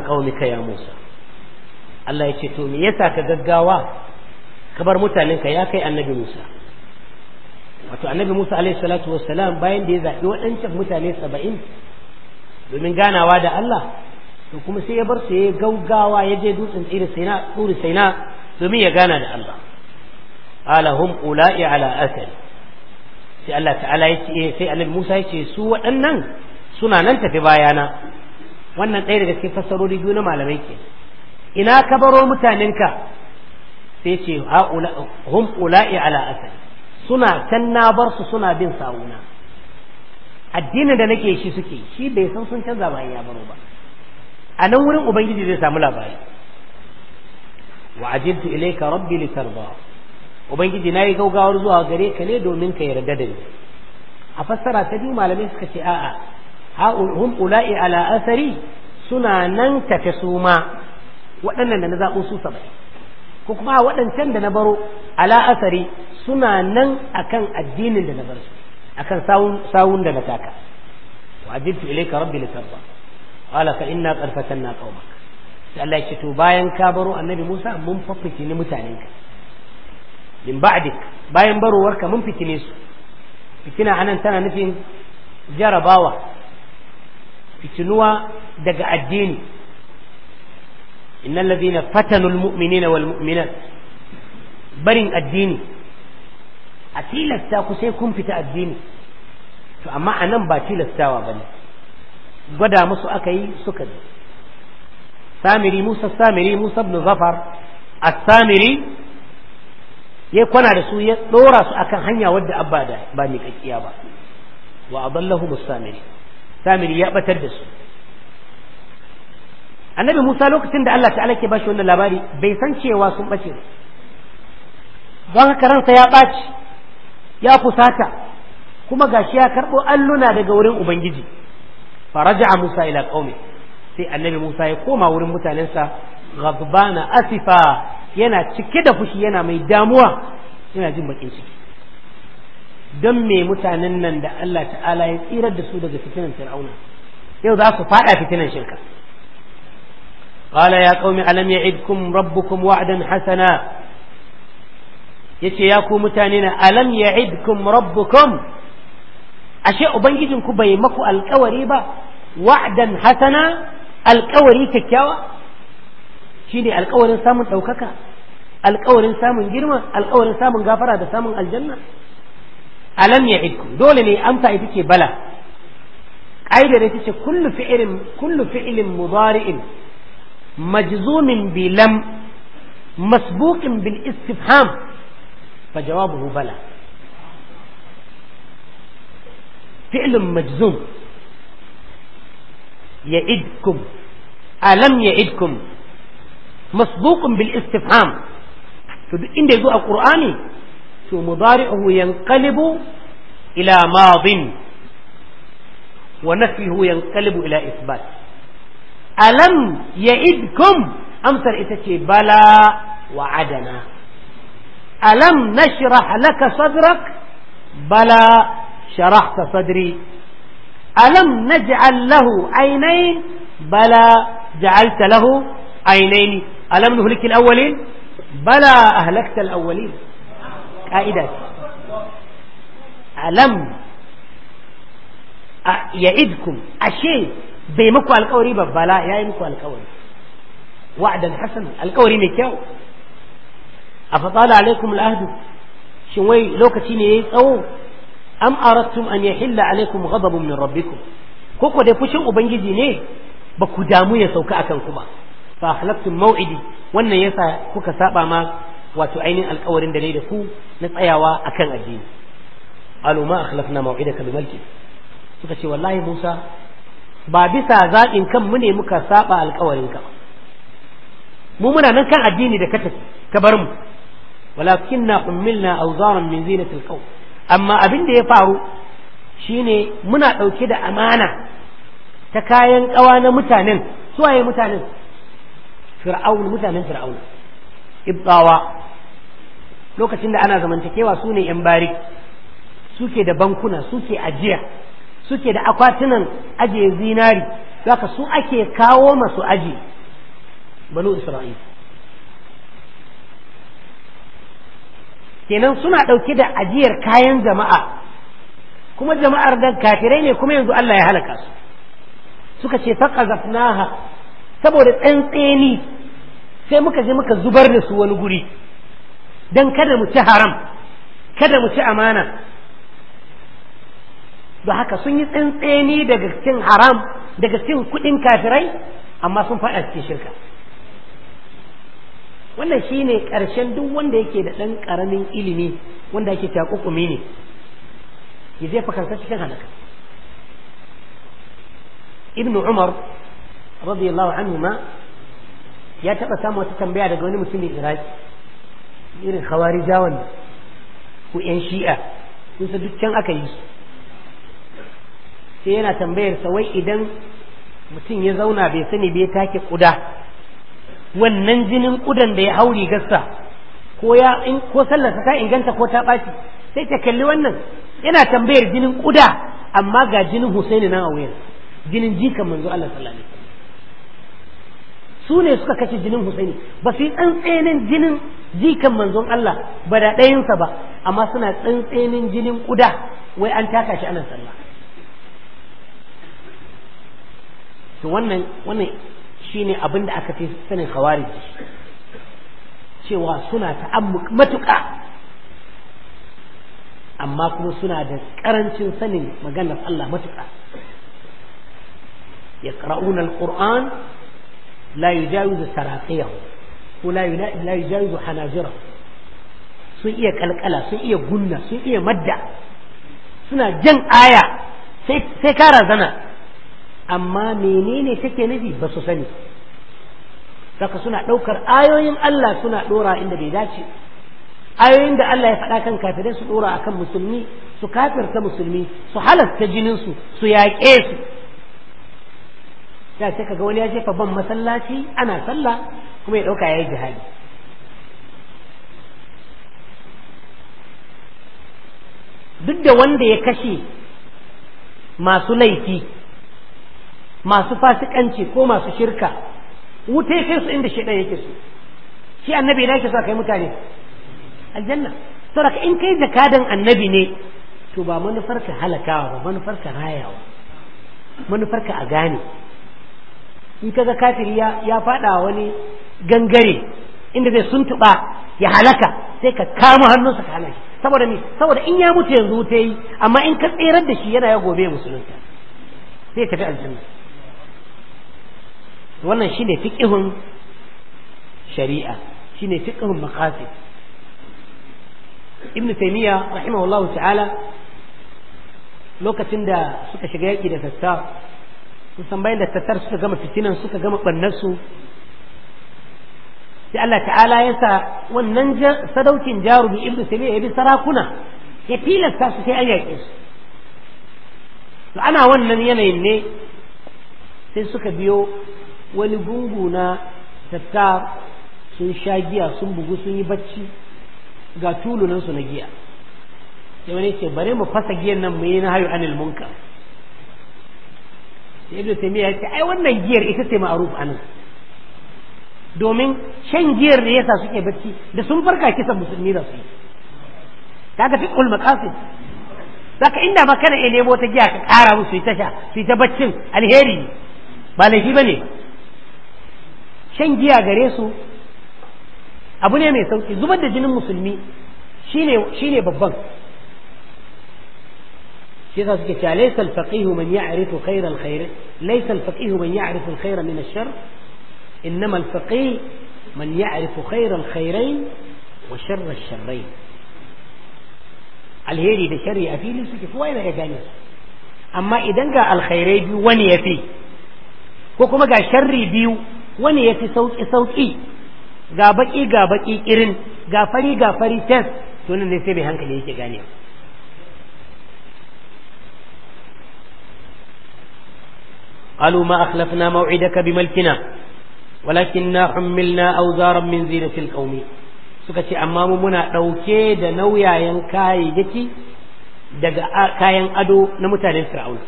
qaumika ya Musa Allah ya ce to me yasa ka gaggawa ka bar mutanen ka ya kai annabi Musa wato annabi Musa alaihi salatu salam bayan da ya zaɓi waɗancan mutane saba'in domin ganawa da Allah to kuma sai ya bar su ya gaugawa ya je dutsen tsiri saina tsuri na domin ya gana da Allah Alahum ula'i ala asali sai Allah ta'ala ya ce eh, sai annabi Musa ya ce su waɗannan suna nan tafi bayana wannan ɗaya daga cikin fassarori biyu na malamai ke ina ka baro mutanenka sai ce hum ula'i ala asali suna can na bar su suna bin sawuna addinin da nake shi suke shi bai san sun canza bayan ya baro ba a nan wurin ubangiji zai samu labari wa ajiltu ilayka rabbi tarda ubangiji nayi gaugawar zuwa gare ka ne domin ka yarda da ni a fassara ta biyu malamai suka ce a'a hum ula'i ala asari suna nan tafe su ma waɗannan da na zaɓo su saba'in ko kuma waɗancan da na baro ala asari suna nan akan addinin da na bar su akan sawun da na taka wa ajibtu ilayka rabbi litarda qala fa inna qad fatanna qaumak sai Allah ya to bayan ka baro annabi Musa mun fafice ni ka din ba'dik bayan barowarka mun fitine su fitina anan tana nufin jarabawa fitinuwa daga addini innal ladina fatanul mu'minina wal barin addini a tilasta ku sai kun fita addini to amma nan ba tilastawa ne gwada musu aka yi suka ji samiri musa samiri musa ibn zafar as-samiri ya kwana da su ya dora su akan hanya wadda abba da ba mai kakkiya ba wa adallahu musamiri samiri ya batar da su annabi musa lokacin da allah ta'ala ke bashi wannan labari bai san cewa sun bace don haka ransa ya ɓaci ya fusata kuma gashi ya karɓo alluna daga wurin ubangiji faraja musa ila qaumi sai annabi musa ya koma wurin mutanen sa ghadbana asifa yana cike da fushi yana mai damuwa yana jin bakin ciki don me mutanen nan da Allah ta'ala ya tsirar da su daga fitinan fir'auna yau za ku fada fitinan shirka qala ya qaumi alam ya'idkum rabbukum wa'dan hasana yace ya ku mutane na alam ya'idkum rabbukum ashe ubangijin ku bai maku alkawari ba wa'dan hasana alkawari kyakkyawa shine alkawarin samun daukaka alkawarin samun girma alkawarin samun gafara da samun aljanna alam ya ya'idkum dole ne amsa ita ce bala qaida da tace kullu fi'lin kullu fi'lin mudari'in majzumin bi lam masbuqin bil istifham fa jawabuhu bala fi'lun majzum ya ya'idkum alam ya ya'idkum masbuqin bil istifham to duk inda yazo a qur'ani مضارعه ينقلب إلى ماض ونفيه ينقلب إلى إثبات ألم يئدكم أمثل إتتي بلى وعدنا ألم نشرح لك صدرك بلى شرحت صدري ألم نجعل له عينين بلى جعلت له عينين ألم نهلك الأولين بلى أهلكت الأولين ka'ida ce alam ya idkum ashe bai muku alkawari babbala ya yi muku alkawari wa'adan hasan alkawari mai kyau a fatsala alaikum al'adu shin wai lokaci ne ya yi tsawo am arattum an hilla alaikum ghadabun min rabbikum ko ko dai fushin ubangiji ne ba ku damu ya sauka akan ku ba fa halaftum mau'idi wannan yasa kuka saba ma wato ainihin alkawarin da ne da ku na tsayawa akan addini qalu ma akhlafna maw'idaka bi malki suka ce wallahi Musa ba bisa zaɓin kan mu ne muka saba alƙawarin ka mu muna nan kan addini da ka ka bar mu walakinna qummilna awzaran min zinatil qaw amma abin da ya faru shine muna ɗauke da amana ta kayan ƙawa na mutanen suwaye mutanen fir'aun mutanen fir'aun ibtawa lokacin da ana zamantakewa su ne yan bari suke da bankuna suke ajiya suke da akwatunan ajiye zinari zaka su ake kawo masu aji banu isra'il kenan suna ɗauke da ajiyar kayan jama'a kuma jama'ar da kafirai ne kuma yanzu Allah ya halaka su suka ce faqazafnaha saboda tsantseni sai muka je muka zubar da su wani guri Dan kada mu ci haram kada mu ci amana da haka sun yi tsantseni daga cin haram daga cin kudin kafirai amma sun faɗa cikin shirka wannan ne ƙarshen duk wanda yake da ɗan ƙaramin ilimi wanda yake takukumi ne ya zai fakansa cikin halaka ibnu umar radiyallahu anhu ma ya taɓa samun wata tambaya daga wani mutumin iraki irin hawari jawon ku yan shi'a kun san duk can aka yi sai yana tambayar sa wai idan mutum ya zauna bai sani bai take kuda wannan jinin kudan da ya hau rigarsa ko ya in ko sallarsa ta inganta ko ta ɓaci sai ta kalli wannan yana tambayar jinin kuda amma ga jinin Husaini nan a jinin jikan manzo Allah sallallahu alaihi su ne suka kashe jinin Husaini ba su yi tsantsenin jinin jikan manzon Allah ba da ɗayansa ba amma suna tsantsenin jinin ƙuda wai an taka shi ana sallah to wannan wannan shine abin da aka fi sanin khawarij cewa suna ta'ammuk matuƙa amma kuma suna da ƙarancin sanin maganar Allah matuƙa yaqra'una al-qur'an la yujawizu ko la la yujawizu hanajira sun iya kalkala sun iya gunna sun iya madda suna jan aya sai kara razana amma menene take nufi ba su sani saka suna ɗaukar ayoyin Allah suna ɗora inda bai dace ayoyin da Allah ya faɗa kan kafirai su ɗora akan musulmi su kafirta musulmi su halasta jininsu su yaƙe su da sai kaga wani ya jefa ban masallaci ana sallah kuma ya ɗauka ya yi jihadi duk da wanda ya kashe masu laifi masu fasikanci ko masu shirka wuta ya kai su inda shaidan yake su shi annabi ina yake sa kai mutane aljanna saboda in kai jakadan annabi ne to ba manufar ka halakawa ba manufar ka rayawa manufar ka a gane in kaga kafiri ya ya fada wani gangare inda zai tuba ya halaka sai ka kama hannunsa ka hana shi saboda me saboda in ya mutu yanzu ta yi amma in ka tserar da shi yana ya gobe musulunta sai ya tafi aljanna wannan shi ne fiƙihun shari'a shi ne fiƙihun makasi ibn taymiya rahimahullahu ta'ala lokacin da suka shiga yaki da tattar sun san bayan da tattar suka gama fitinan suka gama ɓannarsu sai Allah ta'ala ya sa wannan sadaukin jarumi ibnu sabi ya bi sarakuna ya tilasta su sai an yaƙe su to ana wannan yanayin ne sai suka biyo wani gungu na tatta sun sha giya sun bugu sun yi bacci ga su na giya sai wani ce bare mu fasa giyan nan mu yi na hayu anil munkar sai ibnu taymiya ya ce ai wannan giyar ita ce ma'ruf anan domin shan giyar da yasa suke bacci da sun farka kisan musulmi da su kaga fi kul maqasid zaka inda ma kana ya nemo ta giya ka kara musu ita sha su ta baccin alheri ba laifi bane shan giya gare su abu ne mai sauki zubar da jinin musulmi shine shine babban shi suke cewa laysa al-faqih man ya'rifu khayra al-khayr laysa man ya'rifu al min ash-sharr إنما الفقيه من يعرف خير الخيرين وشر الشرين alheri da shari a fili suke kowa yana ya gane amma idan ga alkhairai biyu wani ya fi ko kuma ga sharri biyu wani ya fi sauki sauki ga baki ga baki irin ga fari ga fari tes. to nan ne sai mai hankali yake gane قالوا ما أخلفنا bi بملكنا walakinna hummilna auzaran min zinatil qaumi suka ce amma mu muna ɗauke da nauyayen kayayyaki daga kayan ado na mutanen fir'auna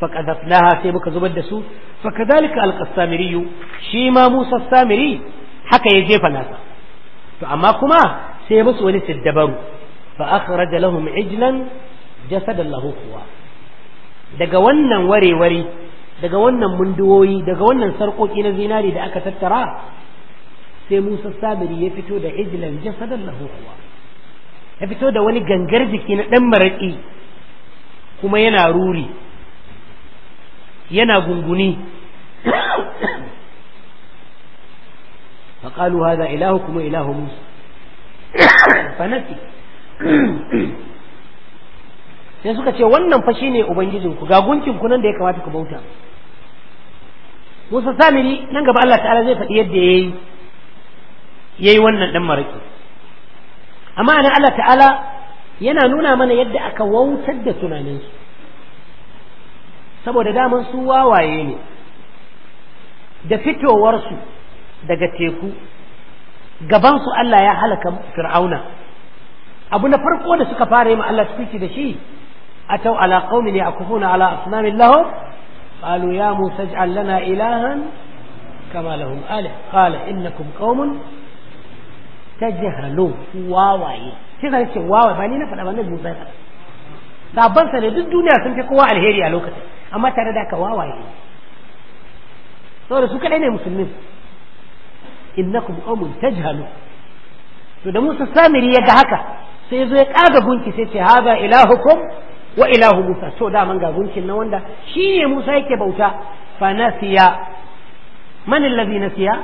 faqadatnaha sai muka zubar da su fakadhalika alqasamiri shi ma Musa samiri haka ya jefa nasa to amma kuma sai ya musu wani siddabaru fa akhraja lahum ijlan jasadan lahu kuwa. daga wannan warewari daga wannan munduwoyi daga wannan sarƙoƙi na zinari da aka tattara sai Musa sabiri ya fito da ijlan jasadan lahu ya fito da wani gangar jiki na dan maraki kuma yana ruri yana gunguni فقالوا هذا إلهكم وإله موسى فنسي sai suka ce wannan fa shine ubangijinku ga gunkinku nan da ya kamata ku bauta Musa Samiri nan gaba Allah ta'ala zai faɗi yadda ya yayi wannan dan maraki amma anan Allah ta'ala yana nuna mana yadda aka wautar da tunaninsu saboda daman su wawaye ne da fitowarsu daga teku gabansu Allah ya halaka fir'auna abu na farko da suka fara yi ma Allah suke da shi atau ala a yaqufuna ala asnamin lahum قالوا ya موسى اجعل لنا إلها كما لهم آله قال إنكم قوم تجهلون واواي sai zai ba ni na faɗa ba nan musa faɗa sabon sa duk duniya sun fi kowa alheri a lokacin amma tare da ka wawaye ne su kaɗai ne musulmin innakum qaumun tajhalu to da Musa Samiri ya ga haka sai zo ya kaga gunki sai ce haza ilahukum وإله موسى سو دا من غنشن نواندا شيني موسى يكي بوتا فنسيا من الذي نسيا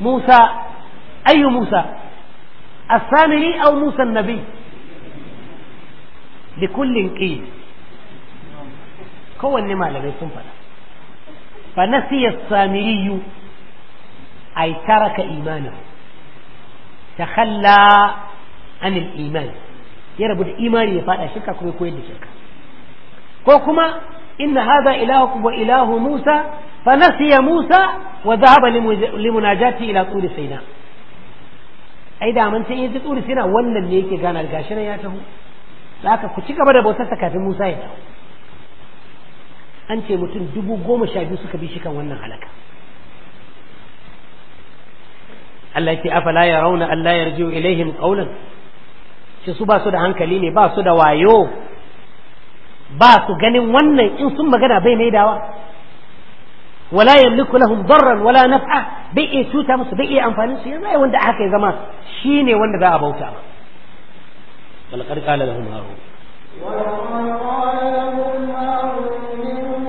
موسى أي موسى السامري أو موسى النبي لكل كي كو النما لغي سنفنا فنسي السامري أي ترك إيمانه تخلى عن الإيمان ya rabu da imani ya fada shirka kuma koyar da shirka ko kuma inna hadha ilahukum wa ilahu musa fa nasiya musa wa dhahaba limunajati ila turi sayna ai da mun sai yaji turi sayna wannan ne yake ganar gashi ya taho haka ku ci gaba da bautar kafin musa ya taho an ce mutum dubu goma sha biyu suka bi shi kan wannan halaka Allah ya ce afala yarawna alla yarji'u ilaihim qawlan shi su ba su da hankali ne ba su da wayo ba su ganin wannan in sun magana bai dawa wala yamliku lahum darran wala naf'a bai iya cuta musu bai iya amfani su yanzu wanda aka zama zama shine wanda za a bauta ba wala qala lahum harun
wa qala lahum harun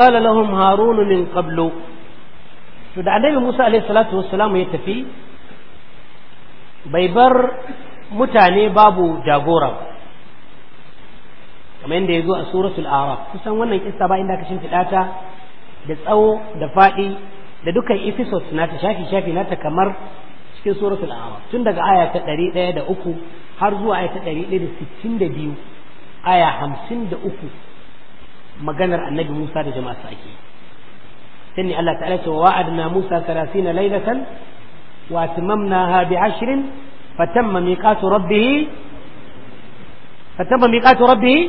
qala lahum harun min qablu to da annabi Musa alaihi salatu wassalam ya tafi bai bar mutane babu jagora kamar yadda ya zo a suratul araf kusan wannan kissa ba inda aka shimfiɗa ta da tsawo da faɗi da dukkan episodes nata shafi shafi nata kamar cikin suratul araf tun daga aya ta ɗari ɗaya da uku har zuwa aya ta ɗari ɗaya da sittin da biyu aya hamsin da uku maganar annabi Musa da jama'a ake sai ne Allah ta'ala ce wa'adna Musa 30 laylatan wa tamamnaha bi 10 fatamma miqatu rabbih fatamma miqatu rabbih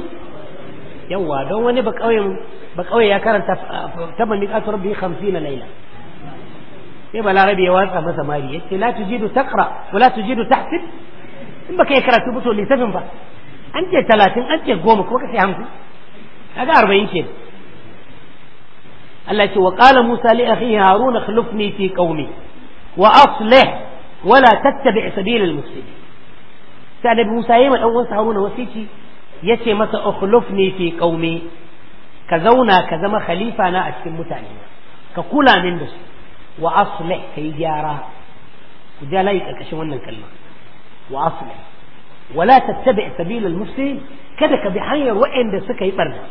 yawa don wani ba kauyen ba kauye ya karanta fatamma miqatu rabbih 50 layla sai balarabe ya watsa masa mari yace la tujidu taqra wala tujidu tahsib in baka yi karatu ba to littafin ba an ce 30 an ce 10 kuma ka sai 50 A ga arba'in ke Allah ce wa qala Musa li akhihi Haruna akhlifni fi qaumi wa aslih wala tattabi' sabila al-mufsidin sai annabi Musa yayi ma dan uwansa Harun wasici yace masa akhlifni fi qaumi ka zauna ka zama khalifa na a cikin mutane ka kula min da su wa aslih kai gyara ku ja layi karkashin wannan
kalma wa aslih
wala tattabi' sabila al-mufsidin kada ka bi hanyar waɗanda suka yi barna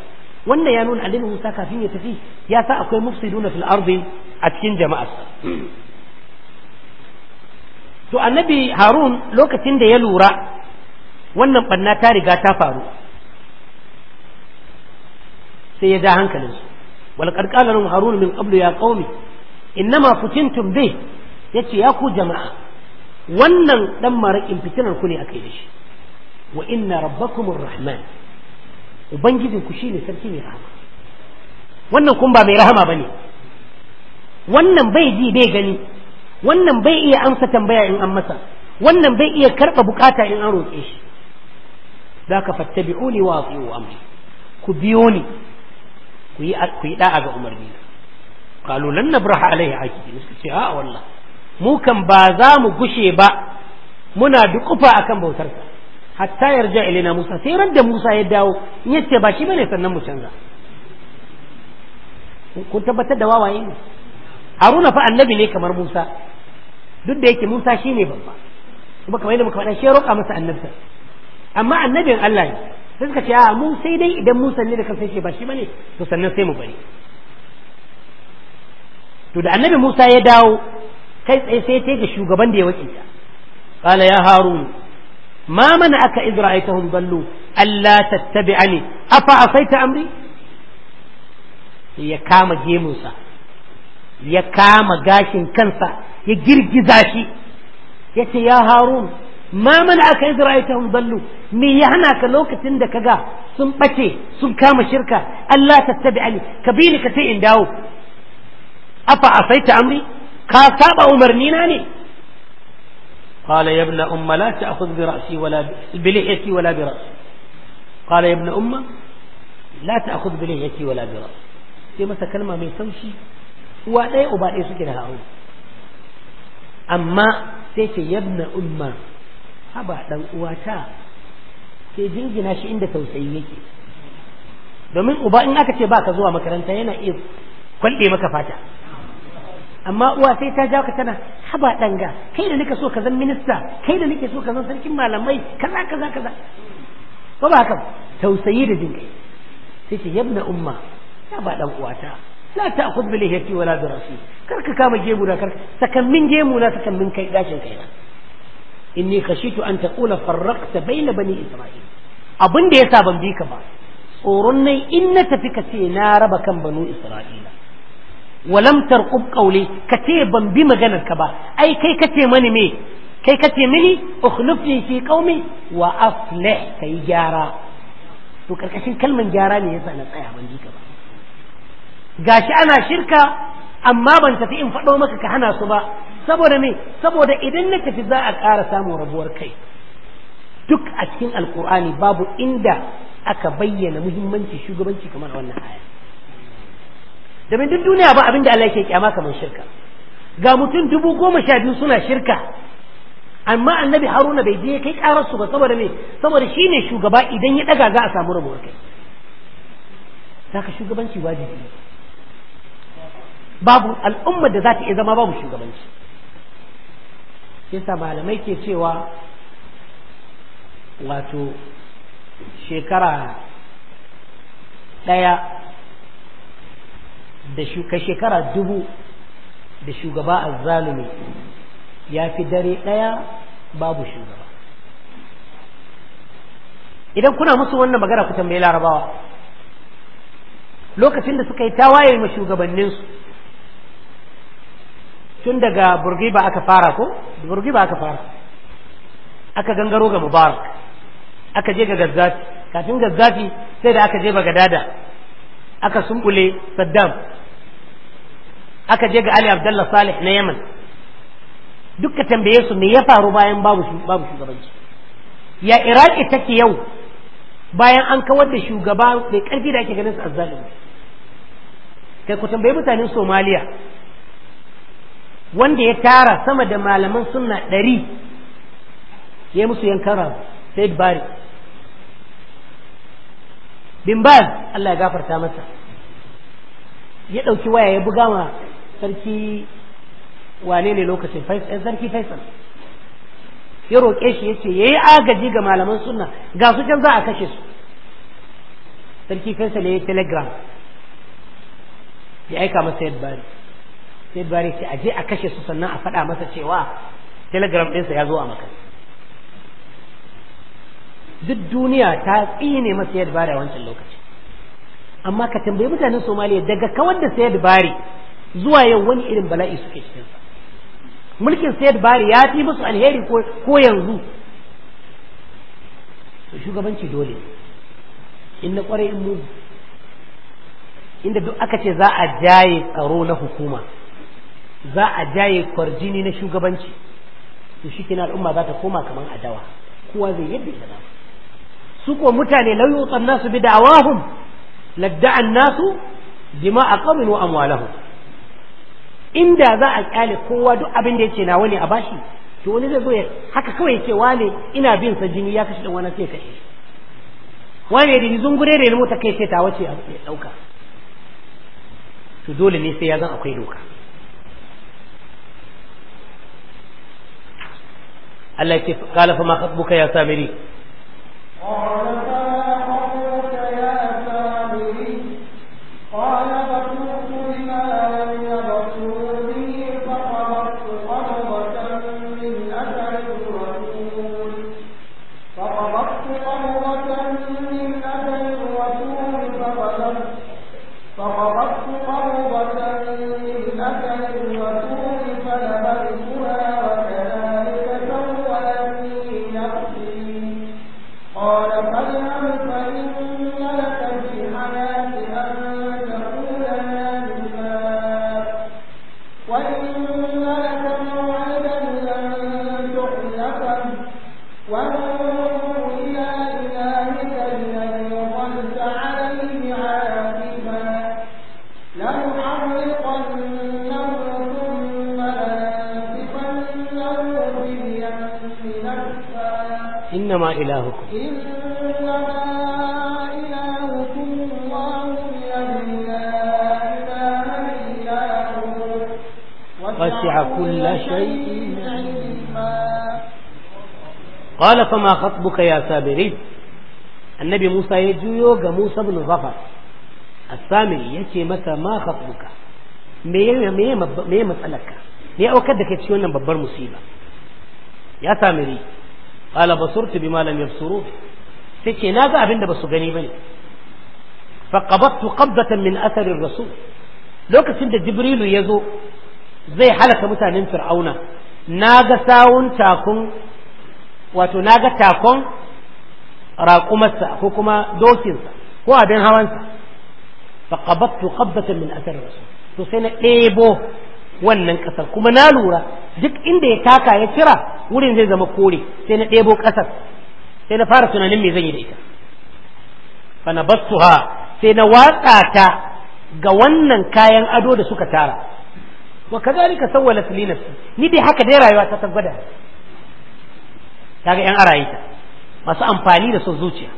wannan ya nuna annabi Musa kafin ya tafi ya sa akwai mufsiduna fil ardi a cikin jama'a to annabi Harun lokacin da ya lura wannan banna ta riga ta faru sai ya ja hankalin su wal Harun min qablu ya qaumi innama futintum bi yace ya ku jama'a wannan dan marakin fitinar ku ne akai da shi wa inna rabbakumur rahman ubangijin ku ne sarki mai rahama wannan kun ba mai rahama ba ne wannan bai ji bai gani wannan bai iya amsa tambaya in an masa wannan bai iya karɓa bukata in an roƙe shi za ka fattabi'uni wa fi'u amri ku biyo ni ku yi ɗa'a ga umarni qalu lan nabraha alaihi akidi suka ce a'a wallah mu kan ba za mu gushe ba muna dukufa akan bautar sa hatta yarja ilaina Musa sai ran da Musa ya dawo in yace ba shi bane sannan mu canza kun tabbatar da wawaye ne Haruna fa annabi ne kamar Musa duk da yake Musa shine babba kuma kamar yadda muka faɗa shi ya roƙa masa annabta amma annabin Allah ne sai suka ce a mu sai dai idan Musa ne da kansa yake ba shi bane to sannan sai mu bari to da annabi Musa ya dawo kai tsaye sai ya ga shugaban da ya wakilta qala ya harun ما منعك إذ رأيتهم ضلوا ألا تتبعني أفعصيت أمري ya kama gemunsa ya kama gashin kansa ya girgiza shi ya ce ya harun ma mana aka yi ra'aytahum dallu me ya hana ka lokacin da kaga sun ɓace sun kama shirka Allah tattabi'ani ka bi ni ka sai in dawo afa asaita amri ka saɓa Umarnina ne قال يا ابن أم لا تأخذ برأسي ولا بلحيتي ولا برأسي قال يا ابن أم لا تأخذ بلحيتي ولا برأسي كما تكلم من سوشي ولا أبالي سكرها أول أما سيك يا ابن أم هبا لو أواتا في جنجنا شيء عند توسعيك دومين أبالي أنك تباك زوا مكرنتين إذ كل ما كفاتا amma uwa sai ta ja ka tana haba danga kai da nika so ka zan minista kai da nake so ka zan sarkin malamai kaza kaza kaza ko ba haka tausayi da jin kai sai ce yabna umma ya ba dan uwata la ta'khud bi lihiyati wala bi Kar ka kama gemu kar karka sakammin gemu na sakammin kai gashin kai na inni khashitu an taqula farraqta bayna bani isra'il abin da yasa ban bi ka ba tsoron nai in na tafi ka ce na raba kan banu isra'ila walam tarqub qawli ce ban bi maganar ka ba ai kai kace mani me kai ce mini ukhlifni fi qaumi wa aslih kai gyara to karkashin kalman gyara ne yasa na
tsaya ban ji ka ba
gashi ana shirka amma ban tafi in faɗo maka ka hana su ba saboda me saboda idan na tafi za a ƙara samun rabuwar kai duk a cikin alkur'ani babu inda aka bayyana muhimmanci shugabanci kamar wannan aya domin duk duniya ba abin da Allah yake kyama kamar shirka ga mutum dubu goma sha biyu suna shirka amma annabi haruna bai je kai karar su ba saboda me saboda shi ne shugaba idan ya daga za a samu rabuwar kai saka shugabanci wajibi ne babu al'ummar da za ta iya zama babu shugabanci yasa malamai ke cewa wato shekara ɗaya da shuka shekara dubu da shugaba azzalumi ya fi dare ɗaya babu shugaba idan kuna musu wannan magana ku tambayi larabawa lokacin da suka yi tawaye ma shugabanninsu tun daga ba aka fara ko ba aka fara aka gangaro ga mubarak aka je ga gazzafi kafin gazzafi sai da aka je ba dada aka sumbule saddam aka je ga Ali Abdullah Salih na Yaman dukka tambaye su me ya faru bayan babu babu shugabanci ya Iraki take yau bayan an kawar da shugaba mai karfi da ake ganin su azzalimi kai ku tambayi mutanen Somaliya wanda ya tara sama da malaman sunna ɗari ya musu yankan rabu sai bari bin baz Allah ya gafarta masa ya ɗauki waya ya buga ma sarki wane ne lokacin Faisal sarki faisal ya roƙe shi ya ce ya yi agaji ga malaman sunna ga su can za a kashe su sarki faisal ya yi telegram ya aika masa yadda bari sai bari ce aje a kashe su sannan a faɗa masa cewa telegram ɗinsa ya zo a makar duk duniya ta tsine masa yadda bari a wancan lokaci amma ka tambayi mutanen somaliya daga kawar da sayar bari zuwa yau wani irin bala'i suke cikinsa mulkin sayar bari ya fi musu alheri ko yanzu to shugabanci dole in na kwarai in inda duk aka ce za a jaye tsaro na hukuma za a jaye kwarjini na shugabanci to shi kina al'umma za ta koma kamar adawa kowa zai yadda ya su ko mutane lau yutsan nasu bi da'awahum ladda'an nasu bima aqamin wa amwalahum inda za a kyale kowa duk abin da yake nawa ne a bashi to wani zai zo ya haka kawai ce wane ina bin sa jini ya kashe dan wani sai kashe wane da zun gure da mota kai sai ta wace a dauka to dole ne sai ya zan akwai doka Allah ya ce kala fa ma khatbuka ya samiri إنما إلهكم
إنما إلهكم الله لا إله إلا هو وسع كل شيء علما
قال فما خطبك يا سامري النبي موسى يجيو ga Musa ibn Zafar السامري yace masa ma khatbuka me me me matsalarka ne aukar da kai ci wannan babbar musiba ya sami ri qala basurtu bima lam yabsuru sai na ga abinda da basu gani bane fa qabattu qabdatan min athari rasul lokacin da jibrilu ya zo zai halaka mutanen fir'auna na ga sawun takun wato na ga takon raƙumarsa ko kuma dokinsa ko abin hawansa qabattu qabdatan min athari rasul to sai na ɗebo wannan ƙasar kuma na lura duk inda ya taka ya kira wurin zai zama kore sai na ɗebo ƙasar sai na fara tunanin me zan yi da ita fa na ha sai na watsa ta ga wannan kayan ado da suka tara wa kazalika sawwalat li tilina ni dai haka dai rayuwa ta tabbada kaga yan arayita masu amfani da son zuciya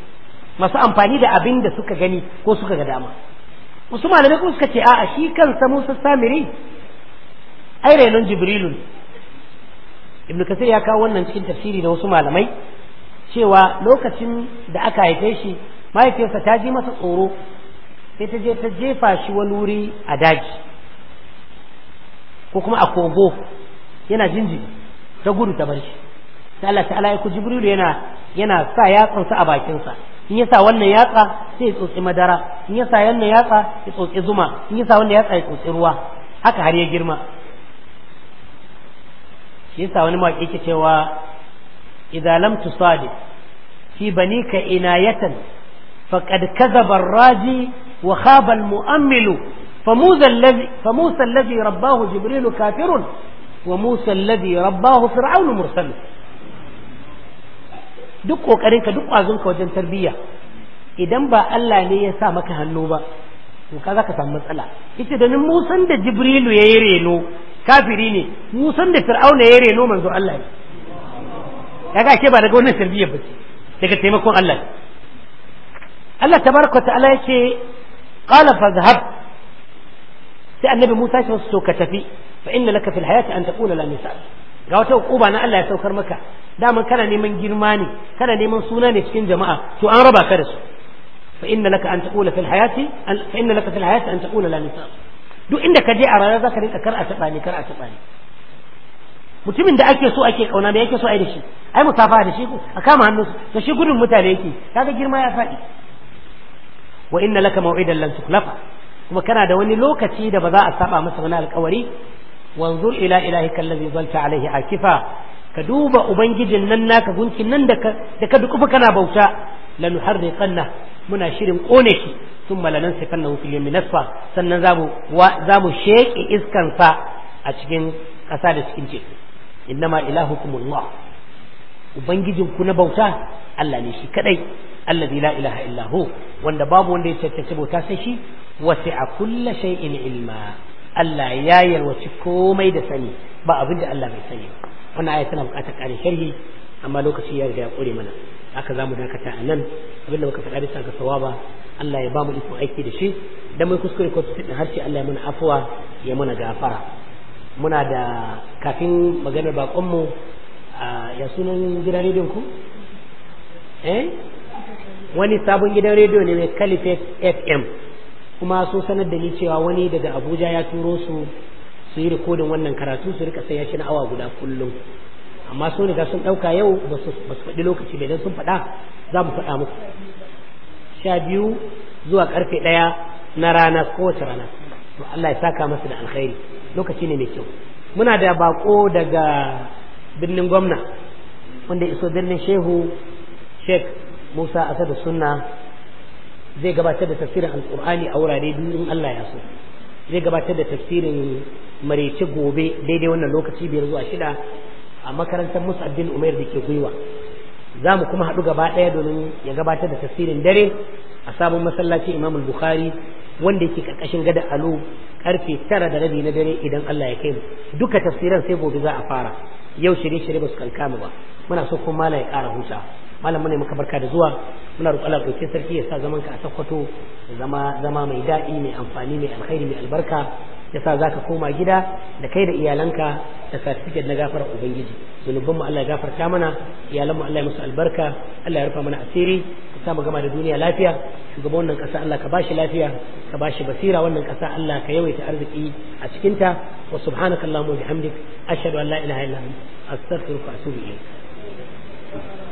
masu amfani da abin da suka gani ko suka ga dama wasu malamai kuma suka ce a'a shi kansa Musa Samiri ai rainon Jibrilu ibn kasir ya kawo wannan cikin tafsiri da wasu malamai cewa lokacin da aka haife shi mahaifiyarsa ta ji masa tsoro sai ta je ta jefa shi wani wuri a daji ko kuma a kogo yana jinjiri ta gudu ta bar shi sai Allah ta'ala ya Jibril jibrilu yana yana sa sa a bakinsa in ya sa wannan yatsa sai ya tsotsi madara in ya sa wannan yatsa ya tsotsi zuma in ya sa wannan yatsa ya tsotsi ruwa haka har ya girma shi yasa wani mawaƙi ke cewa idza lam tusadif fi banika inayatan faqad kadhaba ar-raji wa khaba al-mu'ammilu فموسى الذي فموسى الذي رباه جبريل كافر وموسى الذي رباه فرعون مرسل duk ka duk ka wajen tarbiya idan ba Allah ne ya sa maka hannu ba to ka zaka samu matsala yace domin Musan da Jibrilu yayi reno kafiri ne musan da fir'auna ya yare reno manzo Allah ne kaga ake ba daga wannan sirbiyar ba daga taimakon Allah Allah tabaraka ta'ala yace qala fazhab sai annabi Musa ya ce ka tafi fa inna laka fil hayati an taqula la misal ga wata hukuma na Allah ya saukar maka dama kana neman girma ne kana neman suna ne cikin jama'a to an raba ka da su fa inna laka an taqula fil hayati fa inna laka fil hayati an taqula la misal duk inda ka je a rana za ka rinka kar a taɓa kar a taɓa mutumin da ake so ake kauna da yake so ai da shi ai musafa da shi a kama hannun su to shi gudun mutane yake kaga girma ya faɗi wa inna laka maw'idan lan tuklafa kuma kana da wani lokaci da ba za a saba masa wani alƙawari wanzur ila ilahika allazi zalta alaihi akifa ka duba ubangijin nan naka gunkin nan da ka da ka dukufa kana bauta lanuharriqanna muna shirin kone shi sai لننسفنه في اليم نسفا sannan zamu zamu sheki iskan sa a cikin ƙasa da cikin teku innama ilahukumullah ubangijin ku na bauta Allah ne shi kadai allazi la ilaha illa hu wanda babu wanda ya cancanci bauta sai shi a kulla shay'in ilma Allah ya yalwaci komai da sani ba abin da Allah bai sani wannan aya tana buƙatar ƙarin sharhi amma lokaci ya riga ya ƙure mana haka zamu dakata a nan abinda muka faɗa bisa ga sawaba Allah ya ba mu iko aiki da shi dan mai kuskure ko har harshe Allah ya mana afuwa ya mana gafara muna da kafin maganar bakon mu ya sunan gidan rediyon ku eh wani sabon gidan rediyo ne mai kalife FM kuma sun sanar da ni cewa wani daga Abuja ya turo su su yi rikodin wannan karatu su rika sai shi na awa guda kullum amma sun riga sun ɗauka yau ba su faɗi lokaci bai dan sun faɗa za mu faɗa muku sha biyu zuwa karfe ɗaya na rana kowace rana to Allah ya saka masa da alkhairi lokaci ne mai kyau muna da bako daga birnin gwamna wanda iso birnin shehu sheikh musa asadu sunna zai gabatar da tafsirin alkur'ani a wurare biyu in Allah ya so zai gabatar da tafsirin marece gobe daidai wannan lokaci biyar zuwa shida a makarantar musa bin umar da ke gwiwa za mu kuma haɗu gaba ɗaya domin ya gabatar da tafsirin dare a sabon masallaci imam bukhari wanda yake ƙarƙashin gada alo karfe tara da rabi na dare idan Allah ya kai mu duka tafsiran sai gobe za a fara yau shirye-shirye ba su kankama ba muna so kuma mala ya ƙara huta malam ne muka barka da zuwa muna roƙo Allah sarki ya sa zaman ka a sakkwato zama zama mai daɗi mai amfani mai alkhairi mai albarka yasa zaka koma gida da kai da iyalanka da certificate na gafarar ubangiji zunuban mu Allah ya gafarta mana iyalan mu Allah ya musu albarka Allah ya rufa mana asiri ka sa gama da duniya lafiya shugaban wannan kasa Allah ka bashi lafiya ka bashi basira wannan kasa Allah ka yawaita arziki a cikin ta wa subhanakallahumma wa bihamdik ashhadu an la ilaha illa anta astaghfiruka wa atubu
ilayk